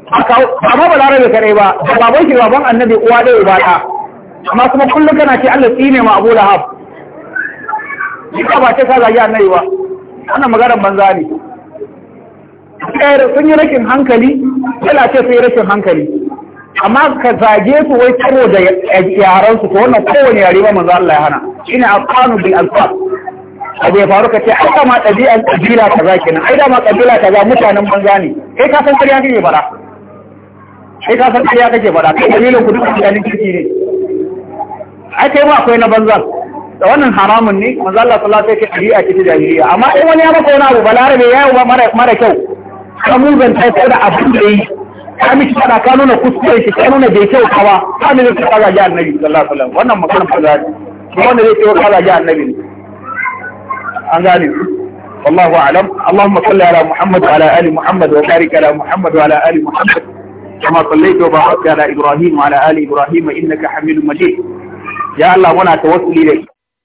amma balarabe kadai ba da baban shi baban annabi uwa ɗaya uba ɗa amma kuma kullum kana ce Allah tsine ma abu lahab Ika ba ce ka zagi annabi ba wannan maganar banza ne sun yi rashin hankali kila ce sun yi rashin hankali amma ka zage su wai saboda yaran su ko wannan kowane yare ba manzo Allah ya hana ina aqanu bil alfaz abu ya faru ka ce ai dama ɗabi'an ƙabila kaza kenan ai da ma ƙabila kaza mutanen banza ne kai ka san ƙarya kake bara kai ka san ƙarya kake bara kai ƙabilan ku duk mutanen kirki ne ai kai ma akwai na banza da wannan haramun ne manzo Allah sallallahu alaihi wasallam sai ke ɗabi'a ce jahiliya amma in wani ya maka wani abu balarabe ya yi mara kyau ka muzanta ko da abin da yi ka miki fada ka nuna kuskure shi ka nuna bai kyau kawa ka ne ka kaza ya annabi sallallahu alaihi wannan maganar fa zai wanda zai kyau kaza ya annabi ne an gane والله أعلم اللهم صل على محمد وعلى آل محمد وبارك على محمد وعلى آل محمد كما صليت وباركت على إبراهيم وعلى آل إبراهيم إنك حميد مجيد يا الله وانا توسلي إليك